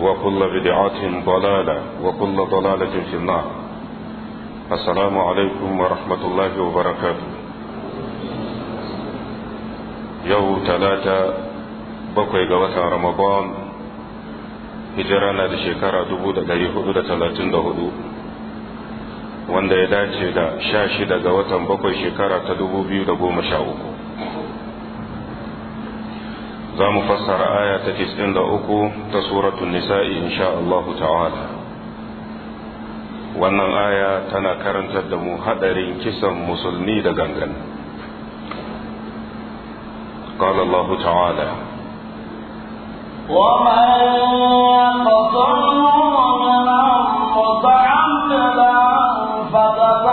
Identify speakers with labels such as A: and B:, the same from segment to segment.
A: وكل بدعة ضلالة وكل ضلالة في النار السلام عليكم ورحمة الله وبركاته يوم ثلاثة بقي قوات رمضان هجرانا لشكرة دبودة ليهودة ثلاثين دهودو wanda ya dace da sha shida ga watan bakwai shekara ta dubu biyu da goma sha uku za mu fassara aya ta 93 ta suratul nisa'i insha Allah ta'ala wannan aya tana karantar da mu hadarin kisan musulmi da gangan قال الله تعالى
B: ومن فقد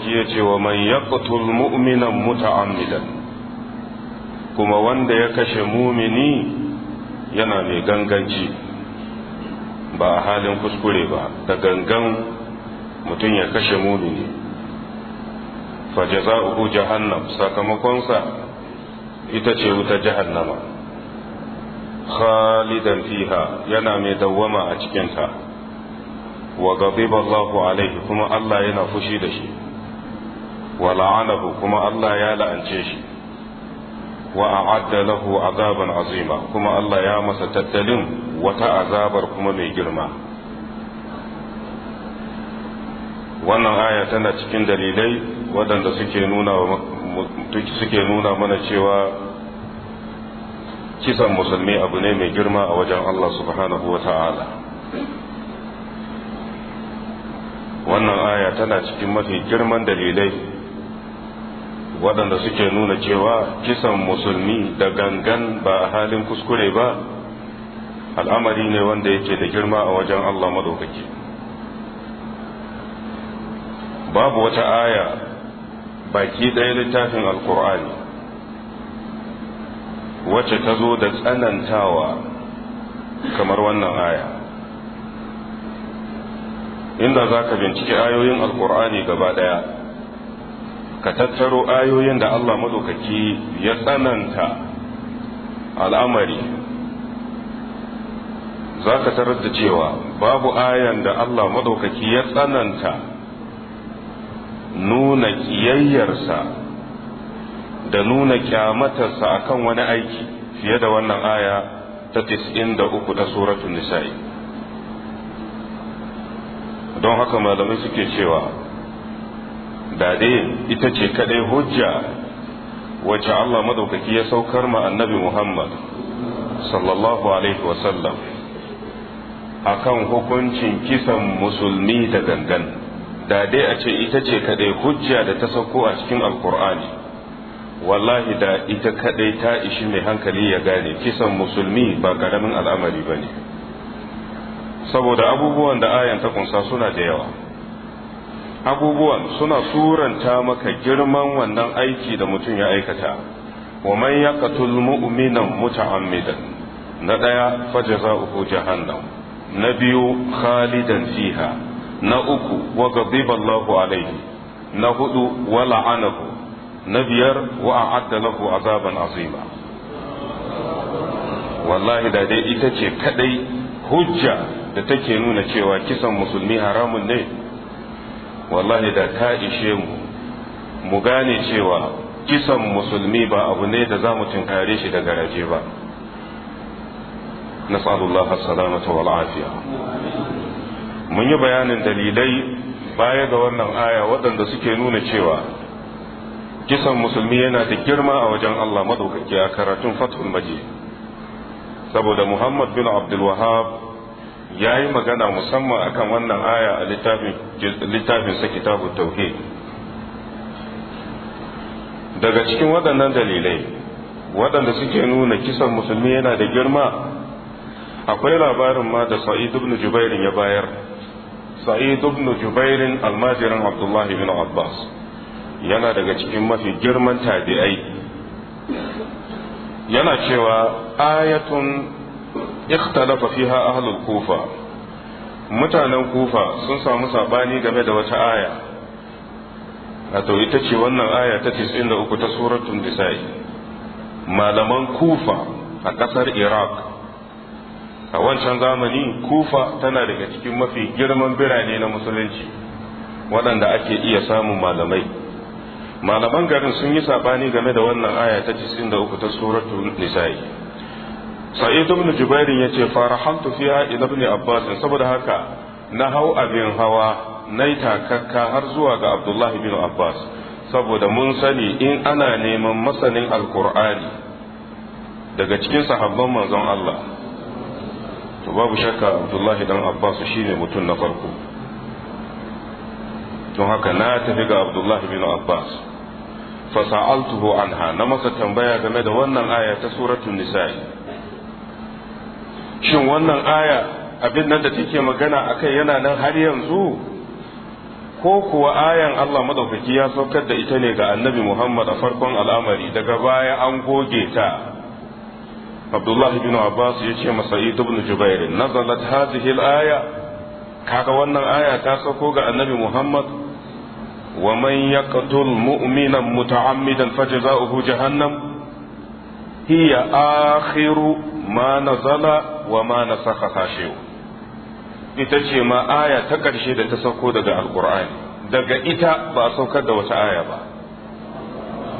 A: sarki ya ce wa man yaqtul mu'minan muta'ammidan kuma wanda ya kashe mumini yana mai ganganci ba a halin kuskure ba da gangan mutum ya kashe mumini fa jaza'uhu jahannam sakamakonsa ita ce wuta jahannama khalidan fiha yana mai dawwama a cikinta wa ghadiba Allahu alaihi kuma Allah yana fushi da shi wa la'anahu kuma Allah ya la'ance shi wa a'adda lahu azaban azima kuma Allah ya masa tattalin wata azabar kuma mai girma wannan aya tana cikin dalilai waɗanda suke nuna mana cewa kisan musulmi abu ne mai girma a wajen Allah subhanahu wannan aya tana cikin mafi girman dalilai waɗanda suke nuna cewa kisan musulmi da gangan ba halin kuskure ba al'amari ne wanda yake da girma a wajen Allah madaukaki babu wata aya baki ɗaya littafin alkur'ani wacce ta zo da tsanantawa kamar wannan aya inda za ka binciki ayoyin alkur'ani gaba ɗaya ka tattaro ayoyin da Allah madaukaki ya tsananta al'amari za ka tarar da cewa babu ayan da Allah madaukaki ya tsananta nuna ƙiyayyarsa da nuna kyamatarsa akan wani aiki fiye da wannan aya ta 93 da suratun nisa'i don haka malamai suke cewa da ita ce kadai hujja wacce Allah madaukaki ya saukar ma annabi Muhammad sallallahu alaihi wasallam akan hukuncin kisan musulmi da gangan da dai a ce ita ce kadai hujja da ta sauko a cikin alkur'ani wallahi da ita kadai ta ishi mai hankali ya gane kisan musulmi ba karamin al'amari ba ne saboda abubuwan da ayan ta kunsa suna da yawa abubuwan suna suranta maka girman wannan aiki da mutum ya aikata wa man yaqtul mu'minan muta'ammidan na daya fajza'uhu jahannam na biyu khalidan fiha na uku wa ghadiba Allahu alayhi na hudu wa la'anahu na biyar wa a'adda lahu azaban azima wallahi da dai ita ce kadai hujja da take nuna cewa kisan musulmi haramun ne wallahi da ta ishe mu mu gane cewa kisan musulmi ba abu ne da za mu tunkare shi da garaje ba نسأل الله السلامة والعافية mun yi bayanin dalilai baya ga wannan aya waɗanda suke nuna cewa kisan musulmi yana da girma a wajen Allah maɗaukaki a karatun fathul maji saboda Muhammad bin Abdul Wahab ya yi magana musamman akan wannan aya a littafinsa kitabu tauhe daga cikin waɗannan dalilai waɗanda suke nuna kisan musulmi yana da girma akwai labarin ma da sa'id ibn jubairin ya bayar sa'id ibn jubairin almajirin abdullahi bin abbas yana daga cikin mafi girman tabi'ai yana cewa ayatun ikhtalafa fiha ahlul kufa mutanen kufa sun samu sabani game da wata aya wato ita ce wannan aya ta 93 ta suratul nisa'i malaman kufa a kasar iraq a wancan zamani kufa tana daga cikin mafi girman birane na musulunci waɗanda ake iya samun malamai malaman garin sun yi sabani game da wannan aya ta 93 ta suratul nisa'i sa'id ibn jubair yace farahantu fiha ila ibn abbas saboda haka na hau abin hawa nai takakka har zuwa ga abdullahi bin abbas saboda mun sani in ana neman masanin alkur'ani daga cikin sahabban manzon Allah to babu shakka abdullahi dan abbas shine mutum na farko don haka na tafi ga abdullahi bin abbas fasa'altuhu anha na masa tambaya game da wannan aya ta suratul nisa'i shin wannan aya abin nan da take magana akai yana nan har yanzu ko kuwa ayan Allah madaukaki ya saukar da ita ne ga annabi Muhammad a farkon al'amari daga baya an goge ta Abdullahi bin Abbas ya ce masa ibn Jubair nazalat hadhihi al-aya kaga wannan aya ta sauko ga annabi Muhammad wa man yaqtul mu'mina muta'ammidan fajza'uhu jahannam hiya akhiru ma nazala wa ma nasakha ita ce ma aya ta ƙarshe da ta sauko daga alkur'ani daga ita ba a saukar da wata aya ba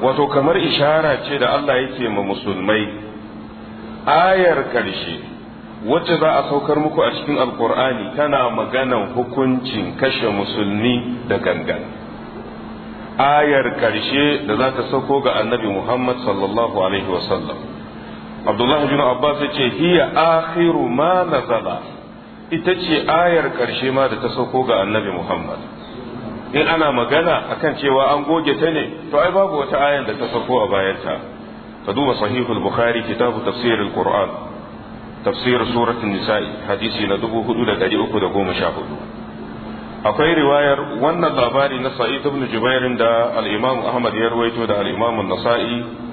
A: wato kamar ishara ce da Allah yake ma musulmai ayar ƙarshe wacce za a saukar muku a cikin alkur'ani tana maganan hukuncin kashe musulmi da gangan ayar ƙarshe da za ta sauko ga annabi muhammad sallallahu alaihi wasallam abdullahi bin abbas ya ce hiya akhiru ma nazala ita ce ayar karshe ma da ta sauko ga annabi muhammad in ana magana akan cewa an goge ta ne to ai babu wata ayar da ta sauko a bayanta ka duba sahihul bukhari kitabu tafsir alquran tafsir suratul nisa'i hadisi na 4314 akwai riwayar wannan labari na sa'id ibn jubair da al-imam ahmad ya rawaito da al-imam an-nasa'i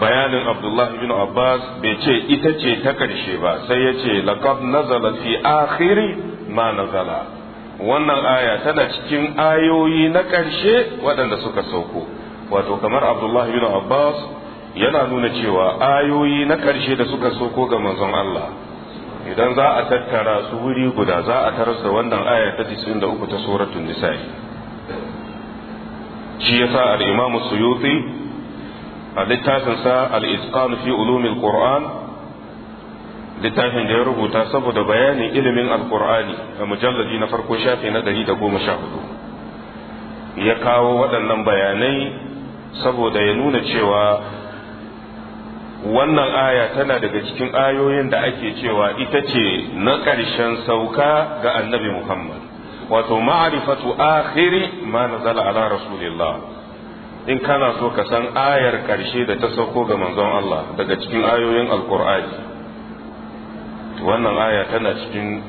A: bayanin abdullahi bin abbas bai ce ita ce ta karshe ba sai ya ce laqad nazala fi akhiri ma nazala wannan aya tana cikin ayoyi na karshe waɗanda suka sauko wato kamar abdullahi bin abbas yana nuna cewa ayoyi na karshe da suka sauko ga manzon Allah idan za a tattara su wuri guda za a tarar da wannan aya ta 93 ta suratul nisa'i shi yasa al-imamu suyuti a littafinsa al-itqan fi ulumil qur'an littafin da ya rubuta saboda bayanin ilimin alkur'ani a mujalladi na farko shafi na ɗari da goma sha ya kawo waɗannan bayanai saboda ya nuna cewa wannan aya tana daga cikin ayoyin da ake cewa ita ce na ƙarshen sauka ga annabi muhammad wato ma'arifatu akhiri ma nazala ala rasulillah in kana so ka san ayar karshe da ta sauko ga manzon Allah daga cikin ayoyin alkur'ani wannan aya tana cikin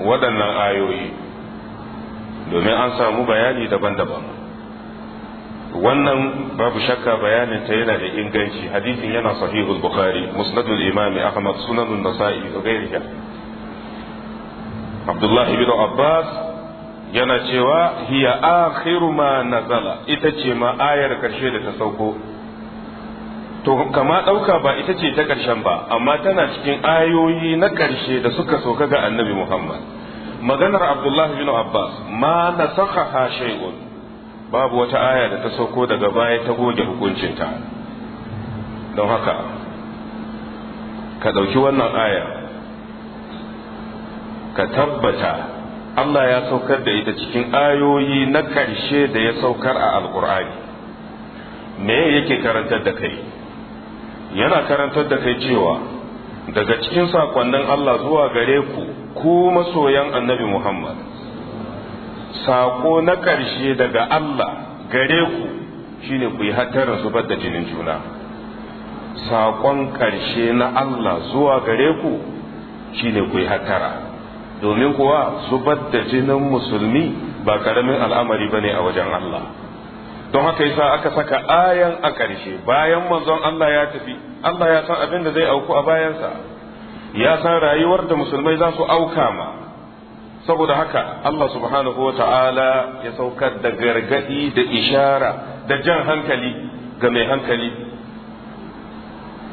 A: waɗannan ayoyi domin an samu bayani daban-daban wannan babu shakka bayanin ta yana da inganci hadisin yana sahihul bukhari musnadul imami ahmad sunanun nasa'i da gairiya abdullahi bin abbas yana cewa hiya akhiru ma nazala ita ce ma ayar karshe da ta sauko to kama ɗauka ba ita ce ta ƙarshen ba amma tana cikin ayoyi na ƙarshe da suka soka ga annabi muhammad maganar abdullah bin abbas ma ha shay'un babu wata aya da ta sauko daga baya ta goge hukuncinta don haka ka ɗauki wannan aya ka tabbata Allah ya saukar da ita cikin ayoyi na ƙarshe da ya saukar a alkur'ani me yake karantar da kai yana karantar da kai cewa daga cikin saƙonnin Allah zuwa gare ku ku masoyan annabi Muhammad Saƙo na ƙarshe daga Allah gare ku shine ku yi hattarin zubar da jinin juna Saƙon ƙarshe na Allah zuwa gare ku shine ku yi hattara domin kuwa zubar da jinin musulmi ba karamin al'amari bane a wajen Allah don haka yasa aka saka ayan a ƙarshe bayan manzon Allah ya tafi Allah ya san abin da zai auku a bayansa ya san rayuwar da musulmai za su auka ma saboda haka Allah subhanahu wa ta'ala ya saukar da gargadi da ishara da jan hankali ga mai hankali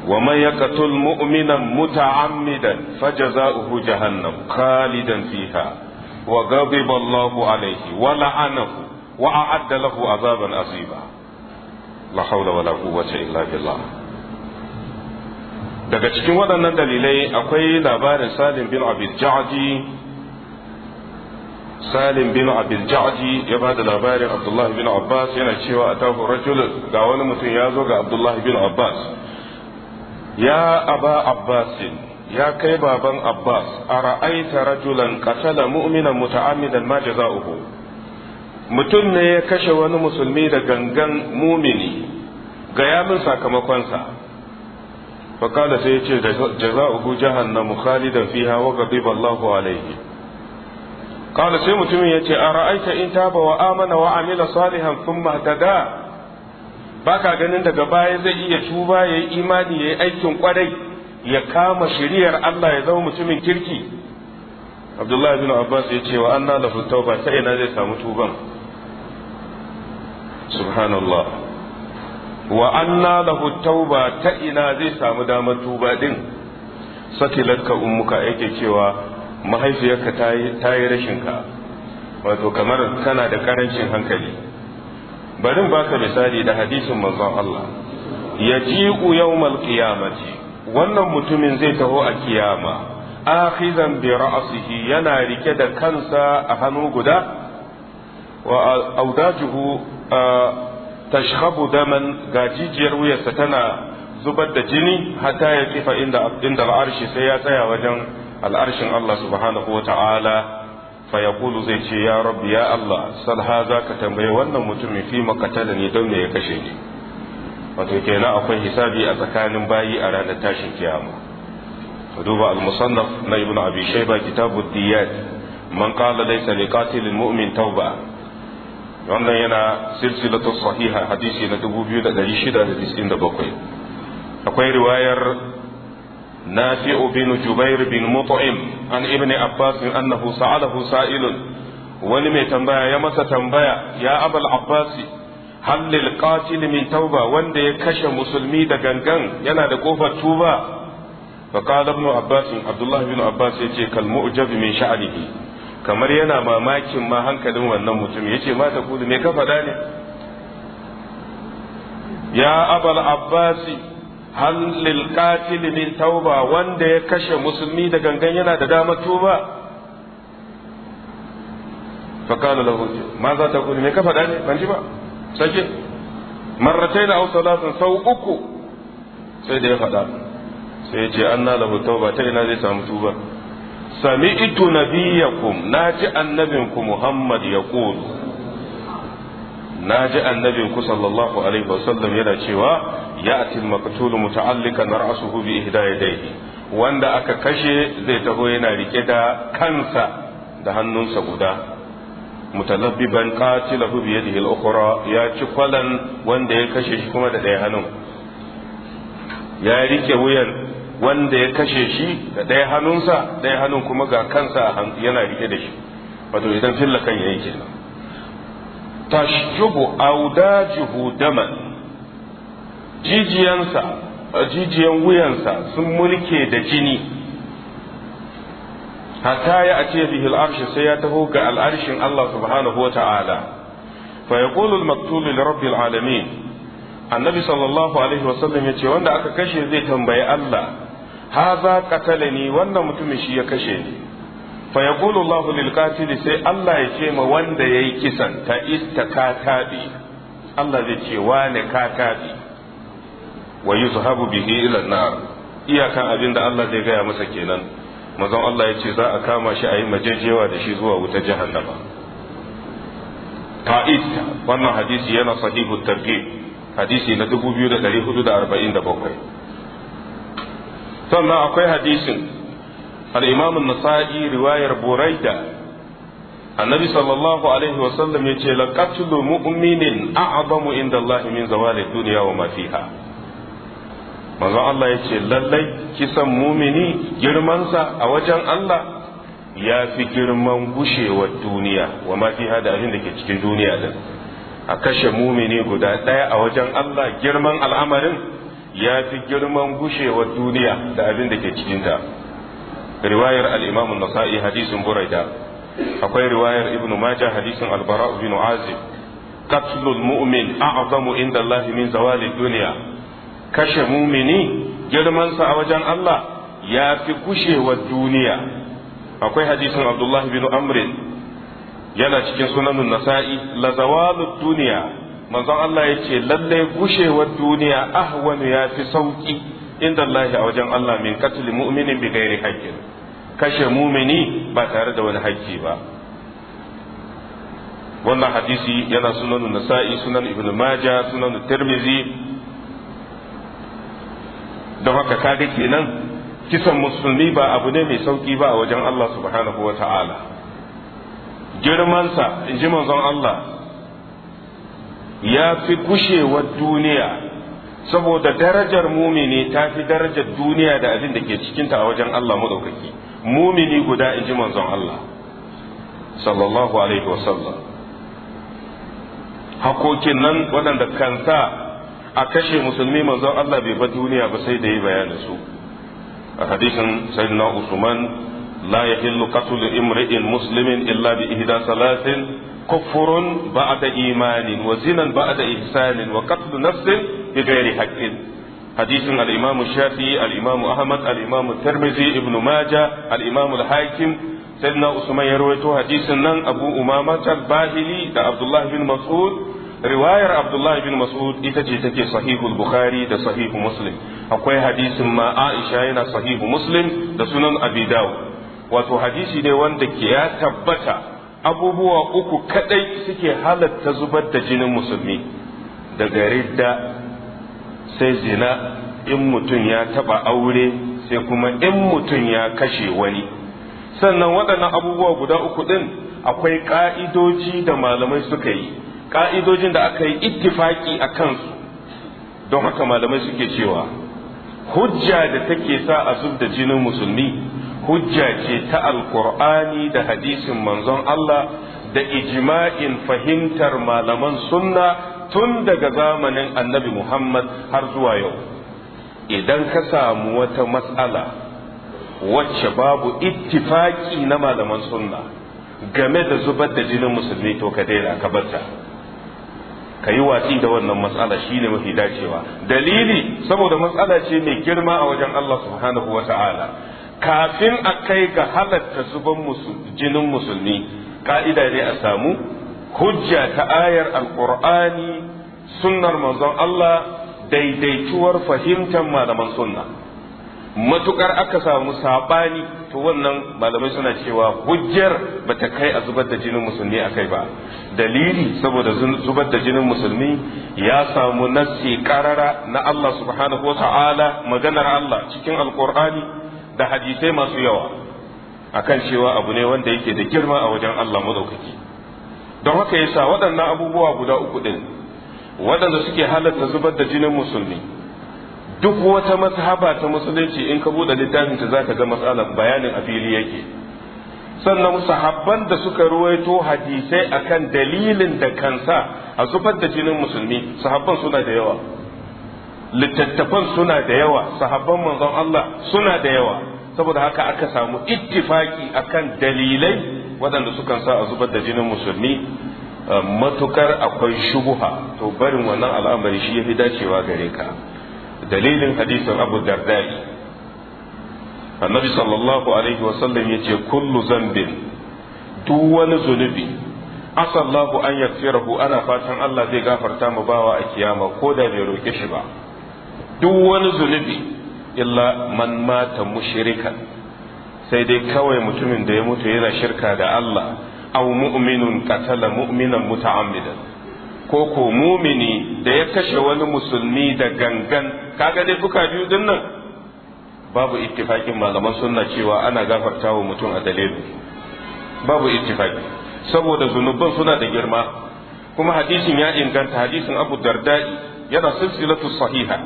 A: ومن يقتل مؤمنا متعمدا فجزاؤه جهنم خالدا فيها وغضب الله عليه ولعنه وأعد له عذابا عظيما لا حول ولا قوة إلا بالله daga cikin waɗannan dalilai akwai labarin salim bin abilja'adi salim bin abilja'adi ya ba da labarin abdullahi bin abbas yana cewa a tafi rajul ga wani mutum ya zo ga abdullahi bin abbas ya aba abbasin ya kai baban abbas a ra'aita rajulan qatala mu'minan muta'ammidan ma jaza'uhu mutum ne ya kashe wani musulmi da gangan mumini ga yamin sakamakonsa fakala sai yace jaza'uhu jahannamu khalidan fiha wa ghadiba alayhi qala sai mutumin yace a ra'aita in taba wa amana wa amila salihan baka ganin daga baya zai iya tuba ya yi imani ya yi aikin kwarai ya kama shiriyar Allah ya zama mutumin kirki Abdullahi bin Abbas ya ce wa anna lahu tauba sai ina zai samu tuban subhanallah wa anna lahu tauba ta ina zai samu damar tuba din sakilatka ummuka yake cewa mahaifiyarka ta yi rashin ka wato kamar kana da karancin hankali barin baka misali da hadisin manzon Allah yaji'u yawmal qiyamati wannan mutumin zai taho a kiyama akhizan bi ra'sihi yana rike da kansa a hannu guda wa audajuhu tashkhabu daman gajijiyar wuyarsa tana zubar da jini hatta ya kifa inda inda al'arshi sai ya tsaya wajen al'arshin Allah subhanahu wa ta'ala fayakulu zai ce ya rabbi ya Allah salha za ka tambaye wannan mutumin fi makatala ne don me ya kashe ni wato kenan akwai hisabi a tsakanin bayi a ranar tashin kiyama ka duba al-musannaf na ibnu abi shayba kitabu diyat man qala laysa liqatil mu'min tauba wannan yana silsilatu sahiha hadisi na 2697 akwai riwayar نافع بن جبير بن مطعم عن ابن عباس أنه سأله سائل ولم تنبأ يا مسا تنبأ يا أبا العباس هل للقاتل من توبة وند كش مسلمي دا دغنغن ينا دقوفة توبة فقال ابن عباس عبد الله بن عباس يجي كالمؤجب من شأنه kamar yana mamakin ma hankalin wannan mutum ya ce mata kudu me ka faɗa ne ya abal abbasi hal lil qatil min tauba wanda ya kashe musulmi da gangan yana da damar tuba fa kana lahu ma za ta kuni me ka faɗa ne ban ji ba sake marratain aw salatun sau uku sai da ya faɗa sai ya ce anna lahu tauba ta ina zai samu tuba sami'tu nabiyakum naji ku muhammad yaqulu na ji ku sallallahu alaihi wasallam yana cewa ya'ti al-maqtul muta'alliqan ra'suhu bi ihda yadayhi wanda aka kashe zai taho yana rike da kansa da hannunsa guda mutalabbiban qatilahu bi yadihi al-ukhra ya ci kwalan wanda ya kashe shi kuma da ɗaya hannun ya rike wuyan wanda ya kashe shi da ɗaya hannunsa ɗaya hannun kuma ga kansa yana rike da shi wato idan filla kan yayi kenan tashjubu audajuhu daman jijiyansa jijiyan wuyansa sun mulke da jini hatta ya a ce al'arshi sai ya taho ga al'arshin Allah subhanahu wa ta'ala fa yaqulu al-maktub li rabbil alamin annabi sallallahu alaihi wa yace wanda aka kashe zai tambayi Allah haza ni wannan mutumin shi ya kashe ni fa yaqulu Allah lil qatil sai Allah ya ce ma wanda yayi kisan ta istakatabi Allah zai ce wane katabi wa yuzhabu bihi ila na'ar iyakan abin da Allah zai gaya masa kenan mazan Allah ya ce za a kama shi a yi majejewa da shi zuwa wuta jahannama ta'id wannan hadisi yana sahihu targhib hadisi na 2447 sannan akwai hadisin al-imam an-nasa'i riwayar buraida annabi sallallahu alaihi wa sallam yace laqatlu mu'minin a'zamu inda Allah min zawali dunya wa ma manzon Allah ya ce lallai kisan mumini girmansa a wajen Allah ya fi girman gushewar duniya wa ma fi hada abin da ke cikin duniya din a kashe mumini guda ɗaya a wajen Allah girman al'amarin ya fi girman gushewar duniya da abin da ke ta. riwayar al-imam nasai hadisin buraida akwai riwayar ibnu majah hadisin al-bara' bin azib qatlul mu'min a'zamu inda Allah min zawali duniya kashe mumini girmansa a wajen Allah ya fi gushewar duniya akwai hadisin abdullahi bin amrin yana cikin sunanun nasa'i lazawalu duniya manzon Allah ya ce lallai gushewar duniya ahwanu ya fi sauki inda Allah a wajen Allah min katil mu'minin bi gairi haƙƙin kashe mumini ba tare da wani haƙƙi ba wannan hadisi yana sunanun nasa'i sunan ibnu majah sunan tirmizi don haka da kenan kisan musulmi ba abu ne mai sauki ba a wajen Allah subhanahu wa ta'ala girmansa in ji manzon Allah ya fi kushewar duniya saboda darajar mumini ta fi darajar duniya da abin da ke cikinta a wajen Allah maɗaukaki, mumini guda in ji manzon Allah sallallahu alaihi wasallam hakokin nan waɗanda kansa a kashe musulmi manzon Allah bai bar duniya ba sai da yi bayanin su a hadisin sayyidina Usman la yahillu qatlu imri'in muslimin illa bi ihda salatin kufrun ba'da imanin wa zinan ba'da ihsanin wa qatlu nafsin bi ghairi haqqin hadisin al-imam Shafi'i al-imam Ahmad al-imam Tirmidhi ibn Majah al-imam al-Hakim sayyidina Usman ya rawaito hadisin nan Abu Umama al-Bahili da Abdullah bin Mas'ud riwayar abdullahi bin mas'ud ita ce take sahihul bukhari da sahihu muslim akwai hadisin ma aisha yana sahihu muslim da sunan abi wato hadisi ne wanda ke ya tabbata abubuwa uku kadai suke halatta zubar da jinin musulmi daga ridda sai zina in mutum ya taba aure sai kuma in mutum ya kashe wani sannan waɗannan abubuwa guda uku ɗin akwai ƙa'idoji da malamai suka yi ka'idojin da aka yi ittifaƙi a kansu don haka malamai suke cewa hujja da take sa a zub da jinin musulmi hujja ce ta alkur'ani da hadisin manzon Allah da ijma'in fahimtar malaman sunna tun daga zamanin annabi Muhammad har zuwa yau idan ka samu wata matsala wacce babu ittifaƙi na malaman sunna game da zubar da jinin musulmi to ka daina ka barta ka yi watsi da wannan matsala shine mafi dacewa dalili saboda matsala ce mai girma a wajen Allah subhanahu wa ta'ala kafin a kai ga halatta zuban jinin musulmi ka'ida ne a samu hujja ta ayar alqur'ani sunnar manzon Allah daidaituwar fahimtar malaman sunna matukar aka samu sabani to wannan malamai suna cewa hujjar ba ta kai a zubar da jinin musulmi a kai ba dalili saboda zubar da jinin musulmi ya samu nassi karara na Allah subhanahu wa ta'ala maganar Allah cikin alkur'ani da hadisai masu yawa akan cewa abu ne wanda yake da girma a wajen Allah madaukaki don haka yasa waɗannan abubuwa guda uku din waɗanda suke halatta zubar da jinin musulmi duk wata mazhaba ta musulunci in ka buɗe littafin ta zaka ga matsalar bayanin a fili yake sannan sahabban da suka ruwaito hadisai akan dalilin da kansa a zubar da jinin musulmi sahabban suna da yawa littattafan suna da yawa sahabban manzon Allah suna da yawa saboda haka aka samu ittifaki akan dalilai waɗanda sukan sa a zubar da jinin musulmi eh, matukar akwai shubuha to barin wannan al'amari shi ya fi dacewa gare ka dalilin hadisin abu dardai annabi sallallahu alaihi wasallam ya ce kullu zan bin. duk wani zunubi asallahu an rahu ana fatan Allah zai gafarta mu bawa a kiyama ko da bai roke shi ba duk wani zunubi illa man mata mushrikan sai dai kawai mutumin da ya mutu yana shirka da Allah aw mu'minun qatala mu'minan muta'ammidan ko ko mumini da ya kashe wani musulmi da gangan kaga dai fuka biyu din nan babu ittifakin malaman sunna cewa ana gafarta wa mutum a dalilu babu ittifaki saboda zunuban suna da girma kuma hadisin ya inganta hadisin abu darda yana silsilatu sahiha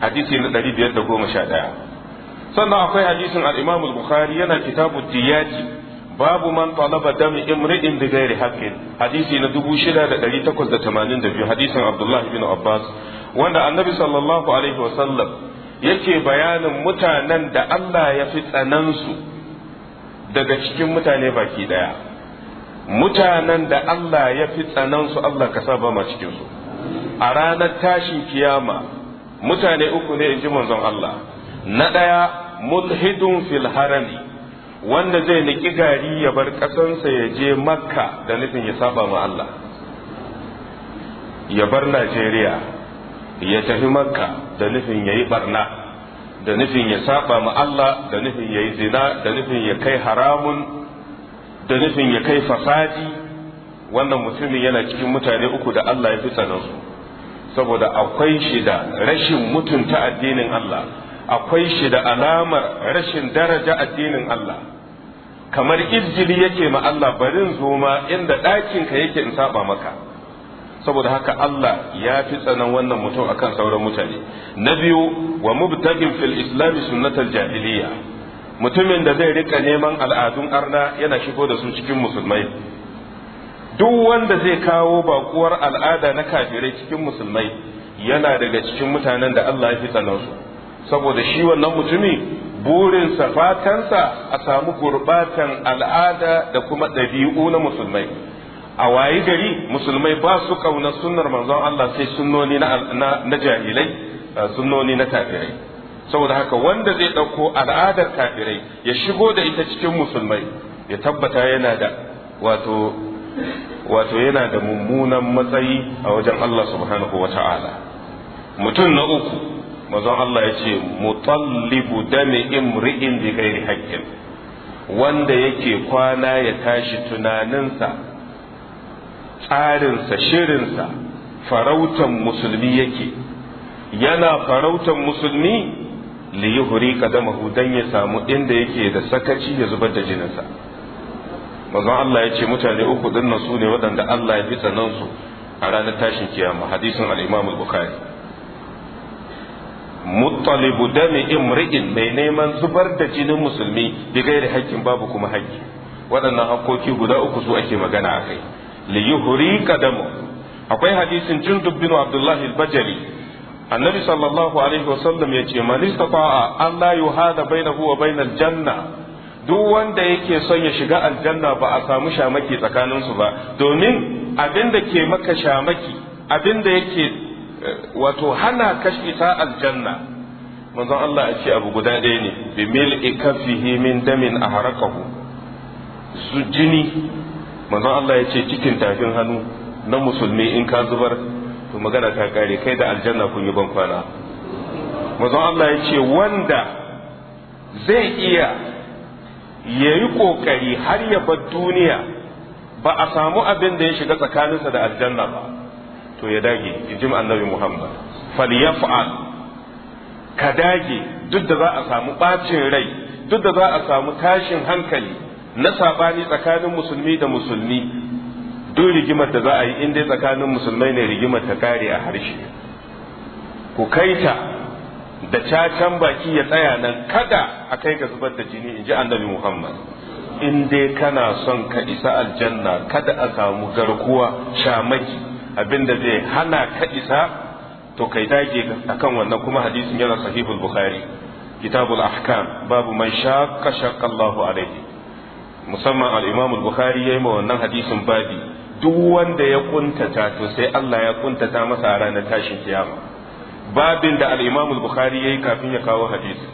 A: hadisi na 511 sannan akwai hadisin al-imam al-bukhari yana kitabu diyaji babu man talaba dami imri'in bi ghairi haqqin hadisi na 6882 hadisin abdullah ibn abbas wanda annabi sallallahu alaihi wasallam yake bayanin mutanen da Allah ya fi tsanansu daga cikin mutane baki daya mutanen da Allah ya fi tsanansu Allah ka saba ma cikinsu a ranar tashin kiyama mutane uku ne in ji manzon Allah na ɗaya mulhidun fil harami wanda zai niki gari ya bar ƙasansa ya je makka da nufin ya saba ma Allah ya bar Najeriya ya tafi makka da nufin ya yi barna da nufin ya saba ma Allah da nufin ya yi zina da nufin ya kai haramun da nufin ya kai fasadi wannan mutumin yana cikin mutane uku da Allah ya fi su. saboda akwai shi da rashin mutunta addinin Allah akwai shi da alamar rashin daraja addinin Allah kamar izgili yake ma Allah barin zo ma inda ɗakinka yake in saba maka saboda haka Allah ya fi tsanan wannan mutum akan sauran mutane na biyu wa mubtagin fil islami sunnatal jahiliya mutumin da zai rika neman al'adun arna yana shigo da su cikin musulmai duk wanda zai kawo bakuwar al'ada na kafirai cikin musulmai yana daga cikin mutanen da Allah ya fi su saboda shi wannan mutumi burinsa fatansa a samu gurbatan al'ada da kuma ɗabi'u na musulmai a wayi gari musulmai ba su kauna sunnar manzon Allah sai sunnoni na jahilai sunnoni na kafirai saboda haka wanda zai ɗauko al'adar kafirai ya shigo da ita cikin musulmai ya tabbata yana da wato wato yana da mummunan matsayi a wajen Allah subhanahu wa ta'ala mutum na uku mazan Allah ya ce mutallibu dami imri'in bi ghairi haqqin wanda yake kwana ya tashi tunaninsa tsarinsa shirinsa farautan musulmi yake yana farautan musulmi li yuhri hudan dan ya samu inda yake da sakaci ya zubar da jininsa manzo Allah ya ce mutane uku nan su ne waɗanda Allah ya fi tsanan su a ranar tashin kiyama hadisin al-Imam al-Bukhari muttalibu dami imri'in mai neman zubar da jinin musulmi bi gairi haƙƙin babu kuma haƙƙi waɗannan hakkoki guda uku su ake magana a kai li yuhri akwai hadisin jundub bin abdullah al-bajali annabi sallallahu alaihi wasallam ya ce man istata'a an la yuhada bainahu wa bainal janna duk wanda yake son ya shiga aljanna ba a samu shamaki tsakanin su ba domin abin ke maka shamaki abin yake eh, wato hana kashi ta aljanna manzon Allah ya ce abu guda ɗaya ne bi mil ikafihi min damin a harakahu su jini manzon Allah ya ce cikin tafin hannu na musulmi in ka zubar to magana ta kare kai da aljanna kun yi ban kwana manzon Allah ya ce wanda zai iya ya yi kokari har ya bar duniya ba a samu abin da ya shiga tsakaninsa da aljanna ba to ya dage injim annabi Muhammad falyaf'al ka dage duk da za a samu bacin rai duk da za a samu tashin hankali na sabani tsakanin musulmi da musulmi duk rigimar da za a yi in dai tsakanin musulmai ne rigimar ta kare a harshe ku kaita da cacan baki ya tsaya nan kada a kai ga zubar da jini in ji annabi muhammad in dai kana son ka isa aljanna kada a samu garkuwa shamaki abinda zai hana ka isa to kai dage akan wannan kuma hadisin yana sahihul bukhari kitabul ahkam babu man shaqqa shaqqa Allahu alaihi musamman al'imamul bukhari ya yi yayi ma wannan hadisin babi duk wanda ya kuntata to sai Allah ya kuntata masa a ranar tashin kiyama babin da al bukhari ya bukhari yayi kafin ya kawo hadisi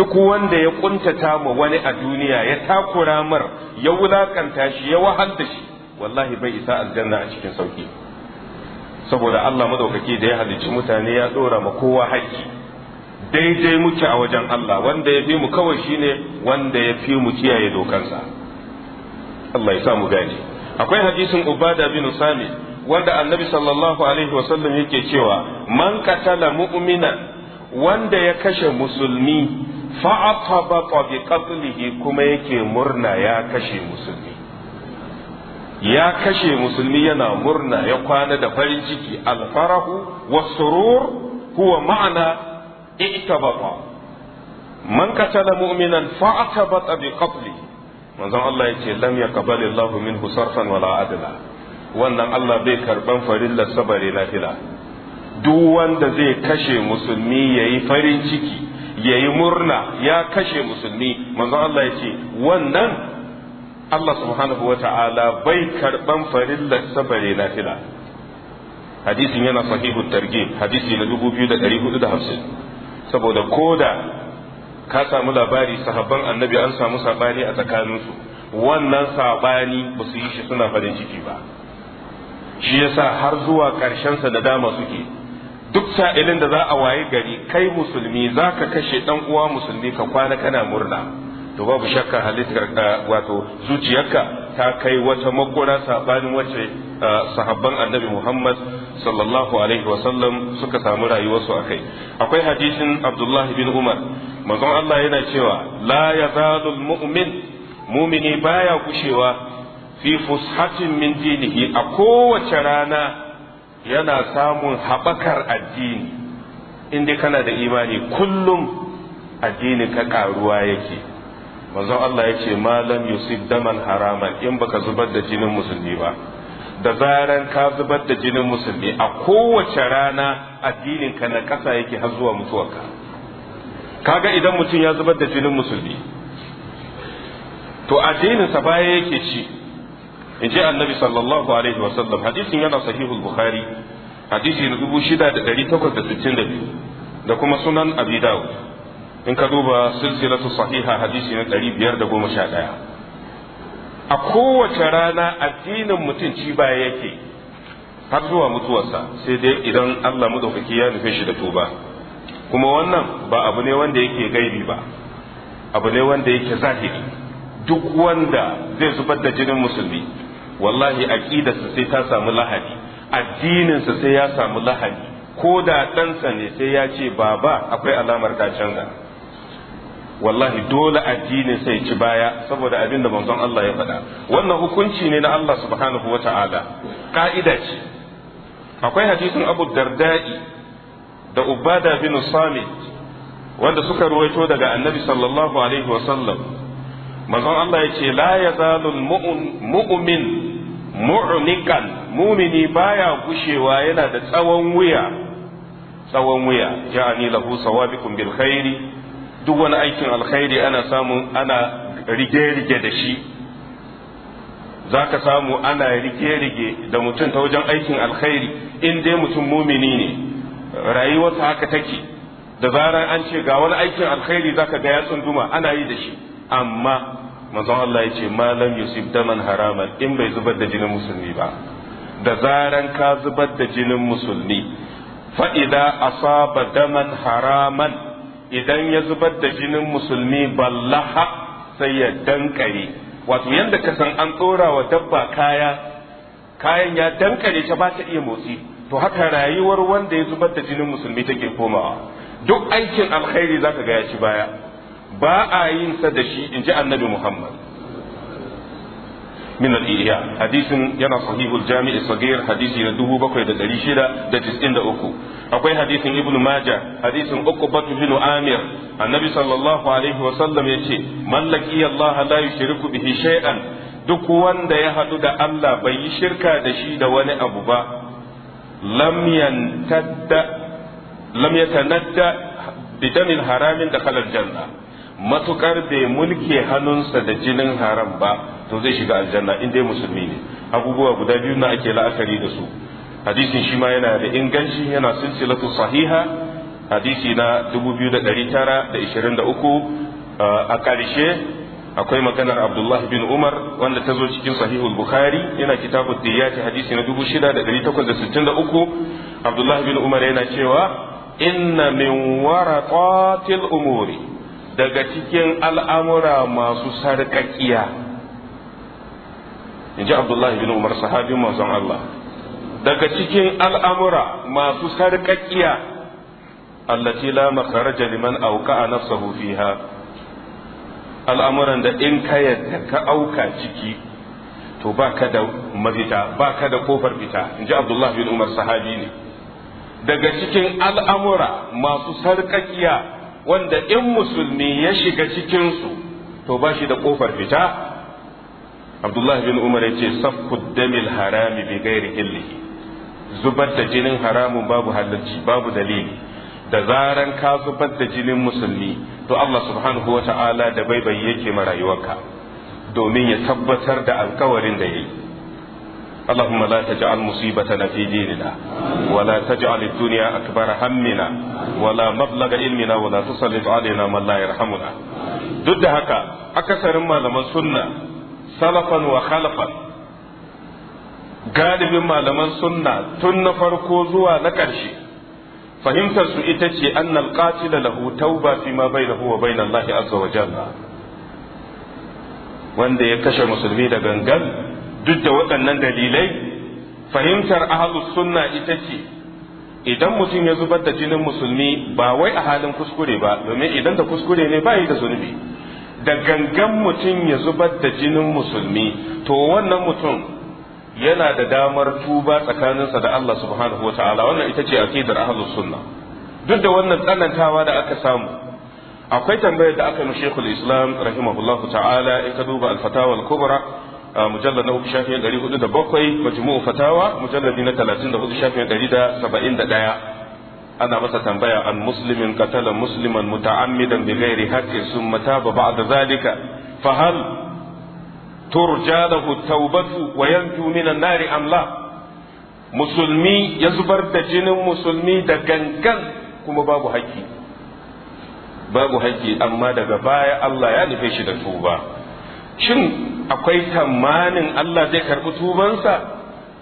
A: duk wanda ya kuntata ma wani a duniya ya takura mar ya wulakanta shi ya wahal da shi wallahi bai isa aljanna a cikin sauki saboda Allah madaukaki da ya halicci mutane ya dora ma kowa haƙƙi daidai muke a wajen Allah wanda ya fi mu kawai shine wanda ya fi mu kiyaye dokansa Allah ya sa mu gane akwai hadisin Ubada bin Sami wanda Annabi sallallahu alaihi wasallam yake cewa man qatala mu'mina wanda ya kashe musulmi fa aqaba bi qatlihi kuma yake murna ya kashe musulmi ya kashe musulmi yana murna ya kwana da farin ciki alfarahu surur huwa ma'ana iktabata man qatala mu'minan fa'tabata bi manzon Allah yace lam yaqbali Allahu minhu sarfan wala adla wannan Allah bai karban farillar sabari fila. duk wanda zai kashe musulmi yayi farin ciki yayi murna ya kashe musulmi manzon Allah yace wannan Allah subhanahu wa ta'ala bai karban farillar sabari fila. hadisin yana sahihu targhib hadisi na 2450 saboda koda ka samu labari sahabban annabi an samu sabani a tsakaninsu wannan sabani ba su yi shi suna farin ciki ba shi yasa har zuwa sa da dama suke duk sa'ilin da za a waye gari kai musulmi za ka kashe ɗan uwa musulmi ka kwana kana murna to babu shakka halittar wato zuciyarka ta kai wata makura sabanin wace sahabban annabi muhammad sallallahu alaihi wasallam suka samu rayuwarsu a kai akwai hadisin abdullahi bin umar manzon Allah yana cewa la yazalu mu'min mumini baya gushewa fi fushatin min dinihi a kowace rana yana samun haɓakar addini inda kana da imani kullum addini ka ƙaruwa yake manzon Allah ya ce malam yusuf daman haraman in baka zubar da jinin musulmi ba da zaran ka zubar da jinin musulmi a kowace rana addinin ka na ƙasa yake har zuwa mutuwarka kaga idan mutum ya zubar da jinin musulmi to addininsa baya yake ci in ji annabi sallallahu alaihi wa sallam hadisin yana sahihul bukhari hadisi na dubu shida da ɗari takwas da sittin da biyu da kuma sunan abi dawud in ka duba silsilatu sahiha hadisi na ɗari biyar da goma sha ɗaya a kowace rana addinin mutum ci baya yake har zuwa mutuwarsa sai dai idan Allah madaukaki ya nufe shi da tuba kuma wannan ba abu ne wanda yake gaibi ba abu ne wanda yake zahiri duk wanda zai zubar da jinin musulmi wallahi aqidarsa sai ta samu lahani addininsa sai ya samu lahadi. ko da ɗansa ne sai ya ce baba akwai alamar ta canza wallahi dole addinin sai ci baya saboda abin da manzon Allah ya faɗa wannan hukunci ne na Allah subhanahu wa ta'ala ka'ida ce akwai hadisin Abu Darda'i da Ubada bin Samit wanda suka ruwaito daga Annabi sallallahu alaihi wa sallam manzon Allah ya ce la yazalu mu'min mu'nikan mumini baya gushewa yana da tsawon wuya tsawon wuya ja'ani lahu sawabikum bil khairi duk wani aikin alkhairi ana samun ana rige-rige da shi za ka samu ana rige-rige da mutum ta wajen aikin alkhairi in dai mutum mumini ne rayuwarsa haka take da zarar an ce ga wani aikin alkhairi za ka ga ya tsunduma ana yi da shi amma manzon Allah ya ce malam yusuf daman haraman in bai zubar da jinin musulmi ba da zarar ka zubar da jinin musulmi fa'ida asaba daman haraman idan ya zubar da jinin musulmi ballaha sai ya dankare wato yadda ka san an tsora wa dabba kaya kayan ya dankare ta ba ta iya motsi to haka rayuwar wanda ya zubar da jinin musulmi take komawa duk aikin alkhairi zaka ga ya ci baya ba a yin sa da shi inji annabi Muhammad min al-ihya hadisin yana sahihul jami'i sagir hadisi na 7693 akwai hadisin ibnu Maja hadisin uqbat bin amir annabi sallallahu alaihi wa sallam yace man laqiya allah la yushriku bihi shay'an duk wanda ya hadu da Allah bai yi shirka da shi da wani abu ba lam yantadda lam yatanadda bidamin haramin da kalal janna matukar bai mulke hannunsa da jinin haram ba to zai shiga aljanna in dai musulmi ne abubuwa guda biyu na ake la'akari da su hadisin shi ma yana da inganci yana silsilatu sahiha hadisi na 2923 a karshe akwai maganar abdullah bin umar wanda ta zo cikin sahihul bukhari yana kitabun diyati hadisi na 6863 abdullah bin umar yana cewa inna min waraqatil umuri daga cikin al'amura masu sarƙaƙiya in ji abdullahi bin umar sahabin manzon Allah daga cikin al'amura masu sarƙaƙiya allati la makaraja liman auka a nafsahu fiha al'amuran da in ka yadda ka auka ciki to ba ka da mafita ba ka da kofar fita in ji abdullahi bin umar sahabi ne daga cikin al'amura masu sarƙaƙiya wanda in musulmi ya shiga cikinsu to ba shi da ƙofar fita abdullahi bin umar ya ce safku damil harami bi gairi illihi zubar da jinin haramun babu halarci babu dalili da zaran ka zubar da jinin musulmi to Allah subhanahu wa ta'ala da baibai yake ma rayuwarka domin ya tabbatar da alkawarin da ya yi اللهم لا تجعل مصيبتنا في ديننا ولا تجعل الدنيا أكبر همنا ولا مبلغ علمنا galibin malaman sunna tun na farko zuwa na ƙarshe fahimtar su ita ce annal qatila lahu tauba fi ma bainahu wa bainallahi azza wa jalla wanda ya kashe musulmi da gangan duk da waɗannan dalilai fahimtar ahlus sunna ita ce idan mutum ya zubar da jinin musulmi ba wai a halin kuskure ba domin idan da kuskure ne ba yi da zunubi da gangan mutum ya zubar da jinin musulmi to wannan mutum yana da damar tuba tsakaninsa da Allah subhanahu wataala wannan ita ce aqidar ahlus sunna duk da wannan tsanantawa da aka samu akwai tambayar da aka yi shekul islam rahimahullahu ta'ala in ka duba al-fatawa al-kubra mujallad na uku shafin ɗari hudu da bakwai majmu'u fatawa mujalladi na talatin da hudu shafin ɗari da saba'in da ɗaya ana masa tambaya an muslimin katala musliman muta'ammidan bi ghairi haqqi summa taba ba'da zalika fa hal turja lahu tawbatu wa yanju minan nari am la musulmi ya zubar da jinin musulmi da gangan kuma babu haƙƙi babu haƙƙi amma daga baya Allah ya nufe shi da tuba shin akwai tamanin Allah zai karɓi tubansa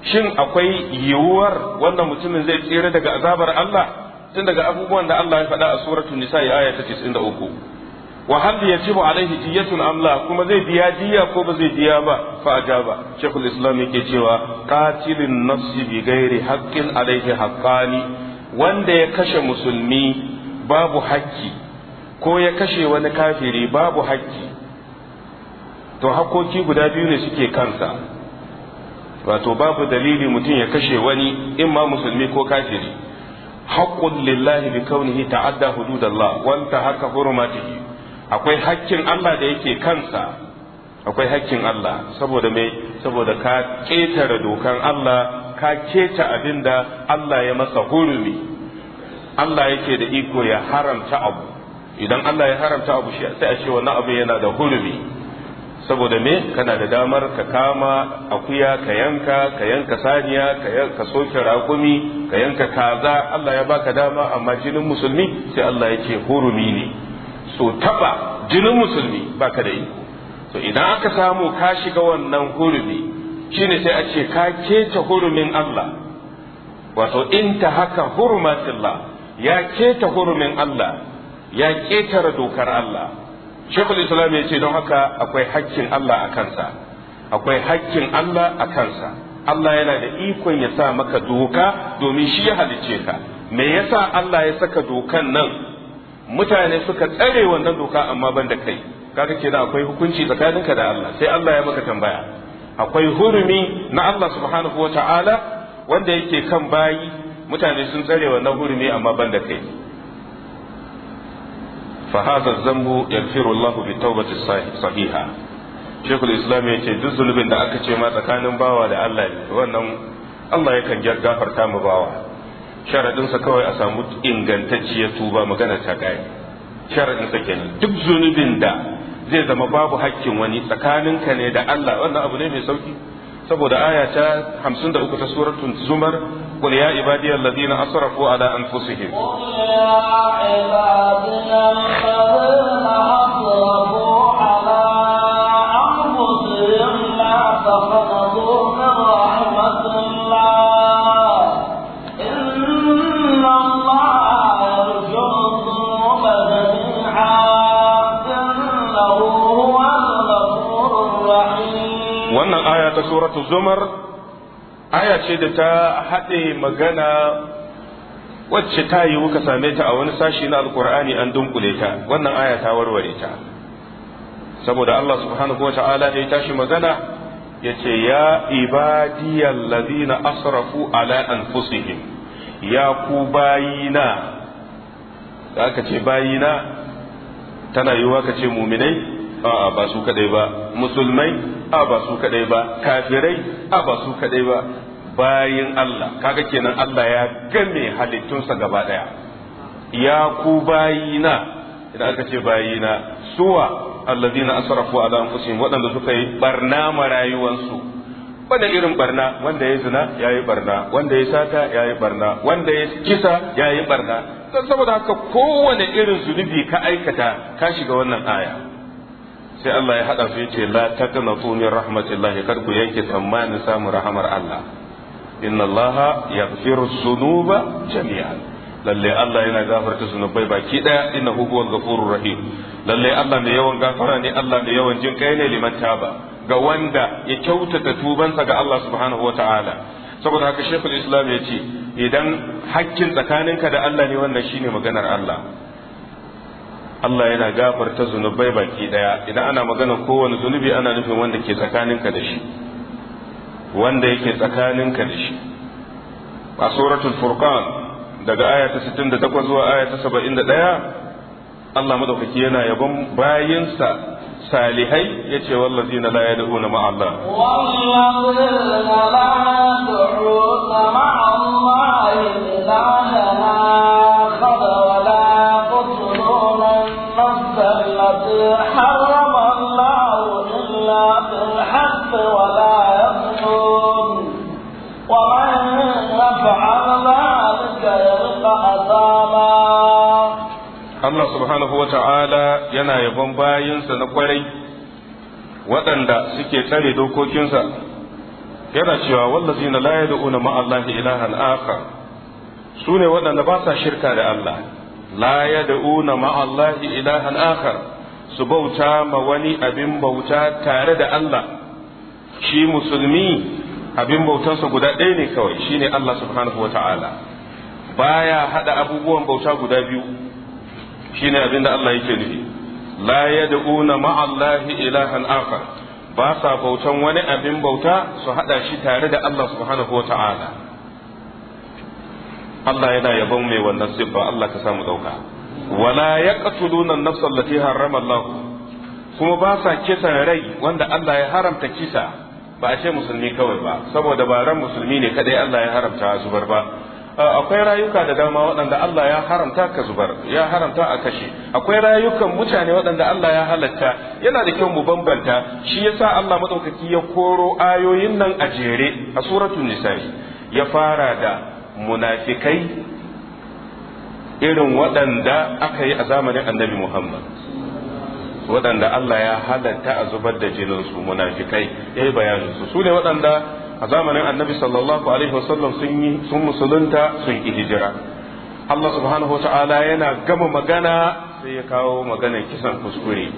A: shin akwai yiwuwar wannan mutumin zai tsira daga azabar Allah tun daga abubuwan da Allah ya faɗa a suratul nisa aya ta 93 wa hal yajibu alaihi diyatun amla kuma zai biya diya ko ba zai biya ba fa ajaba shaykhul islam yake cewa qatilun nafsi bi ghairi haqqin alaihi haqqani wanda ya kashe musulmi babu hakki ko ya kashe wani kafiri babu hakki to hakoki guda biyu ne suke kansa wato babu dalili mutum ya kashe wani in ma musulmi ko kafiri haqqun lillahi bi kaunihi ta'adda hududallah anta haka hurmatihi akwai haƙƙin Allah da yake kansa akwai haƙƙin Allah saboda me saboda ka ketare dokan Allah ka keta abinda Allah ya masa hurumi Allah yake da iko ya haramta abu idan Allah ya haramta abu shi sai a ce wannan abu yana da hurumi saboda me kana da damar ka kama akuya ka yanka ka yanka saniya ka soke raƙumi ka yanka kaza Allah ya baka dama amma jinin musulmi sai Allah ya ce hurumi ne so taba jinin musulmi baka da iko So idan aka samu ka shiga wannan hurumi shine sai a ce ka keta hurumin Allah wato inta ta haka hurumatillah ya keta hurumin Allah ya ketara dokar Allah shekul islam ya ce don haka akwai haƙƙin Allah a kansa akwai haƙƙin Allah a kansa Allah yana da ikon ya sa maka doka domin shi ya halicce ka me yasa Allah ya saka dokan nan mutane suka tsare wannan doka amma ban da kai kaga kenan akwai hukunci tsakaninka da Allah sai Allah ya maka tambaya akwai hurumi na Allah subhanahu ta'ala wanda yake kan bayi mutane sun tsare wannan hurumi amma ban da kai fa hadha dhanbu yaghfiru Allah bi tawbati sahiha Sheikhul ya ce duk zulubin da aka ce ma tsakanin bawa da Allah wannan Allah yakan gafarta mu bawa sharadin sa kawai a samu ingantacciyar tuba magana ta kai sharadin sa kenan duk zunubin da zai zama babu hakkin wani tsakaninka ne da Allah wannan abu ne mai sauki saboda aya ta 53 ta suratul zumar qul ya ibadiyal alladhina asrafu ala anfusihim qul ya
B: ibadiyal alladhina asrafu
A: ta suratu zumar aya ce da ta haɗe magana wacce ta yiwu ka same ta a wani sashi na alkur'ani an dunkule ta wannan aya ta warware ta saboda Allah subhanahu wa ya tashi magana ya ce ya ibadiyar ladina asrafu ala anfusihim ya ku bayina da aka ce bayina tana yiwuwa ka ce muminai a'a ba su kadai ba musulmai a ba su kadai ba kafirai a ba su kadai ba bayin Allah kaga kenan Allah ya game halittunsa gaba daya ya ku bayina idan aka ce bayina suwa alladina asrafu ala anfusihim waɗanda suka yi barna marayuwan su. wanda irin barna wanda ya zina ya yi barna wanda ya sata ya yi barna wanda ya kisa ya yi barna saboda haka kowane irin zunubi ka aikata ka shiga wannan aya sai Allah ya haɗa su yace la taqnatu min rahmatillahi kar ku yanke tsammanin samun rahamar Allah inna Allah yaghfiru sunuba jami'an lalle Allah yana gafarta zunubai baki daya innahu huwal ghafurur rahim lalle Allah ne yawan gafara ne Allah ne yawan jin kai ne liman taba ga wanda ya kyautata tubansa ga Allah subhanahu wataala saboda haka shekul islam ya ce idan hakkin tsakaninka da Allah ne wannan shine maganar Allah Allah yana gafarta zunubai baki daya idan ana magana kowane zunubi ana nufin wanda ke tsakaninka da shi wanda yake tsakaninka da shi a suratul furqan daga aya ta 68 zuwa aya ta 71 Allah madaukaki yana yabon bayinsa salihai yace wallazina la yad'una ma'a Allah
B: wallazina la yad'una ma'a Allah ilaha
A: subhanahu wa ta'ala yana yabon bayinsa na kwarai waɗanda suke tsare dokokinsa yana cewa wallazi na la yad'una ma Allah ilahan akhar su ne waɗanda ba sa shirka da Allah la yad'una ma Allah ilahan akhar su bauta ma wani abin bauta tare da Allah shi musulmi abin bautansa guda ɗaya ne kawai shine Allah subhanahu wa ta'ala baya haɗa abubuwan bauta guda biyu shine abinda Allah yake nufi la yad'una ma'allahi ilahan akhar ba sa bautan wani abin bauta su hada shi tare da Allah subhanahu wa ta'ala Allah yana yabon mai wannan siffa Allah ka samu dauka wala yaqtuluna an-nafs allati harrama Allah kuma ba sa kisan rai wanda Allah ya haramta kisa ba a ce musulmi kawai ba saboda ba ran musulmi ne kadai Allah ya haramta zubar ba akwai rayuka da dama waɗanda Allah ya haramta ka zubar ya haramta a kashe akwai rayukan mutane waɗanda Allah ya halatta yana da kyau mu bambanta shi yasa Allah madaukaki ya koro ayoyin nan a jere a suratul nisa'i ya fara da munafikai irin waɗanda aka yi a zamanin annabi Muhammad waɗanda Allah ya halatta a zubar da jininsu munafikai ya yi bayaninsu su ne waɗanda a zamanin annabi sallallahu alaihi wasallam sun yi sun musulunta sun ki hijira Allah subhanahu wata'ala yana gama magana sai ya kawo magana kisan kuskure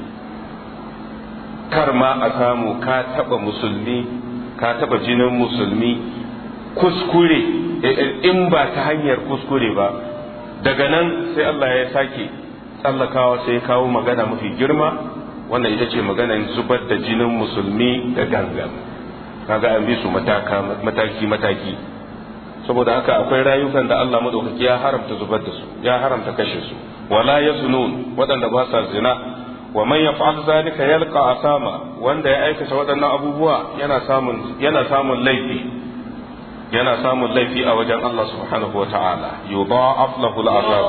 A: kar ma a samu ka taba musulmi ka taba jinin musulmi kuskure eh, eh, in ba ta hanyar kuskure ba daga nan sai Allah ya sake tsallakawa sai ya kawo magana mafi girma wannan ita ce maganar zubar da jinin musulmi da gangan kaga an bi su mataki mataki saboda haka akwai rayukan da Allah madaukaki ya haramta zubar da su ya haramta kashe su wala yaznun waɗanda ba sa zina wa man yaf'al zalika yalqa asama wanda ya aikata waɗannan abubuwa yana samun yana samun laifi yana samun laifi a wajen Allah subhanahu wa ta'ala yudha'af lahu al'azab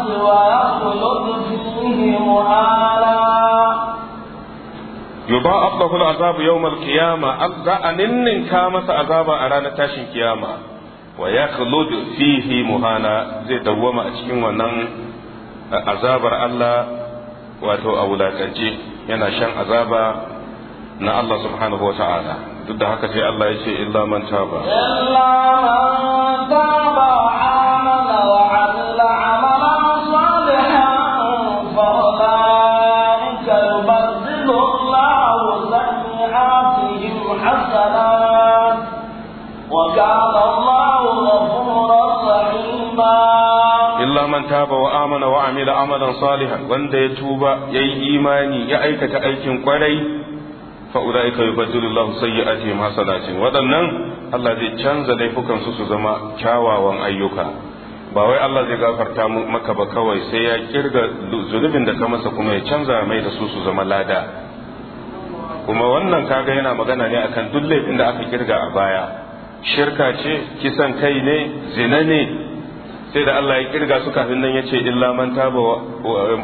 B: wa yakhlud fihi
A: Yuba lahu azabu yawm al-qiyama za a ninninka masa azaba a ranar tashin kiyama wa yakhlud fihi muhana zai dawwama a cikin wannan eh, azabar Allah wato a wulakance yana shan azaba na Allah subhanahu wa ta'ala duk da haka sai Allah ya ce illa man taba illa
B: man taba
A: taba wa amana wa amila amalan salihan wanda ya tuba yayi imani ya aikata aikin kwarai fa ulaika yubaddilu Allahu sayyi'atihim hasanatin wadannan Allah zai canza laifukan su su zama kyawawan ayyuka ba wai Allah zai gafarta maka ba kawai sai ya kirga zunubin da ka masa kuma ya canza mai da su su zama lada kuma wannan kaga yana magana ne akan duk laifin da aka kirga a baya shirka ce kisan kai ne zina ne sai da Allah ya kirga su kafin nan yace illa man taba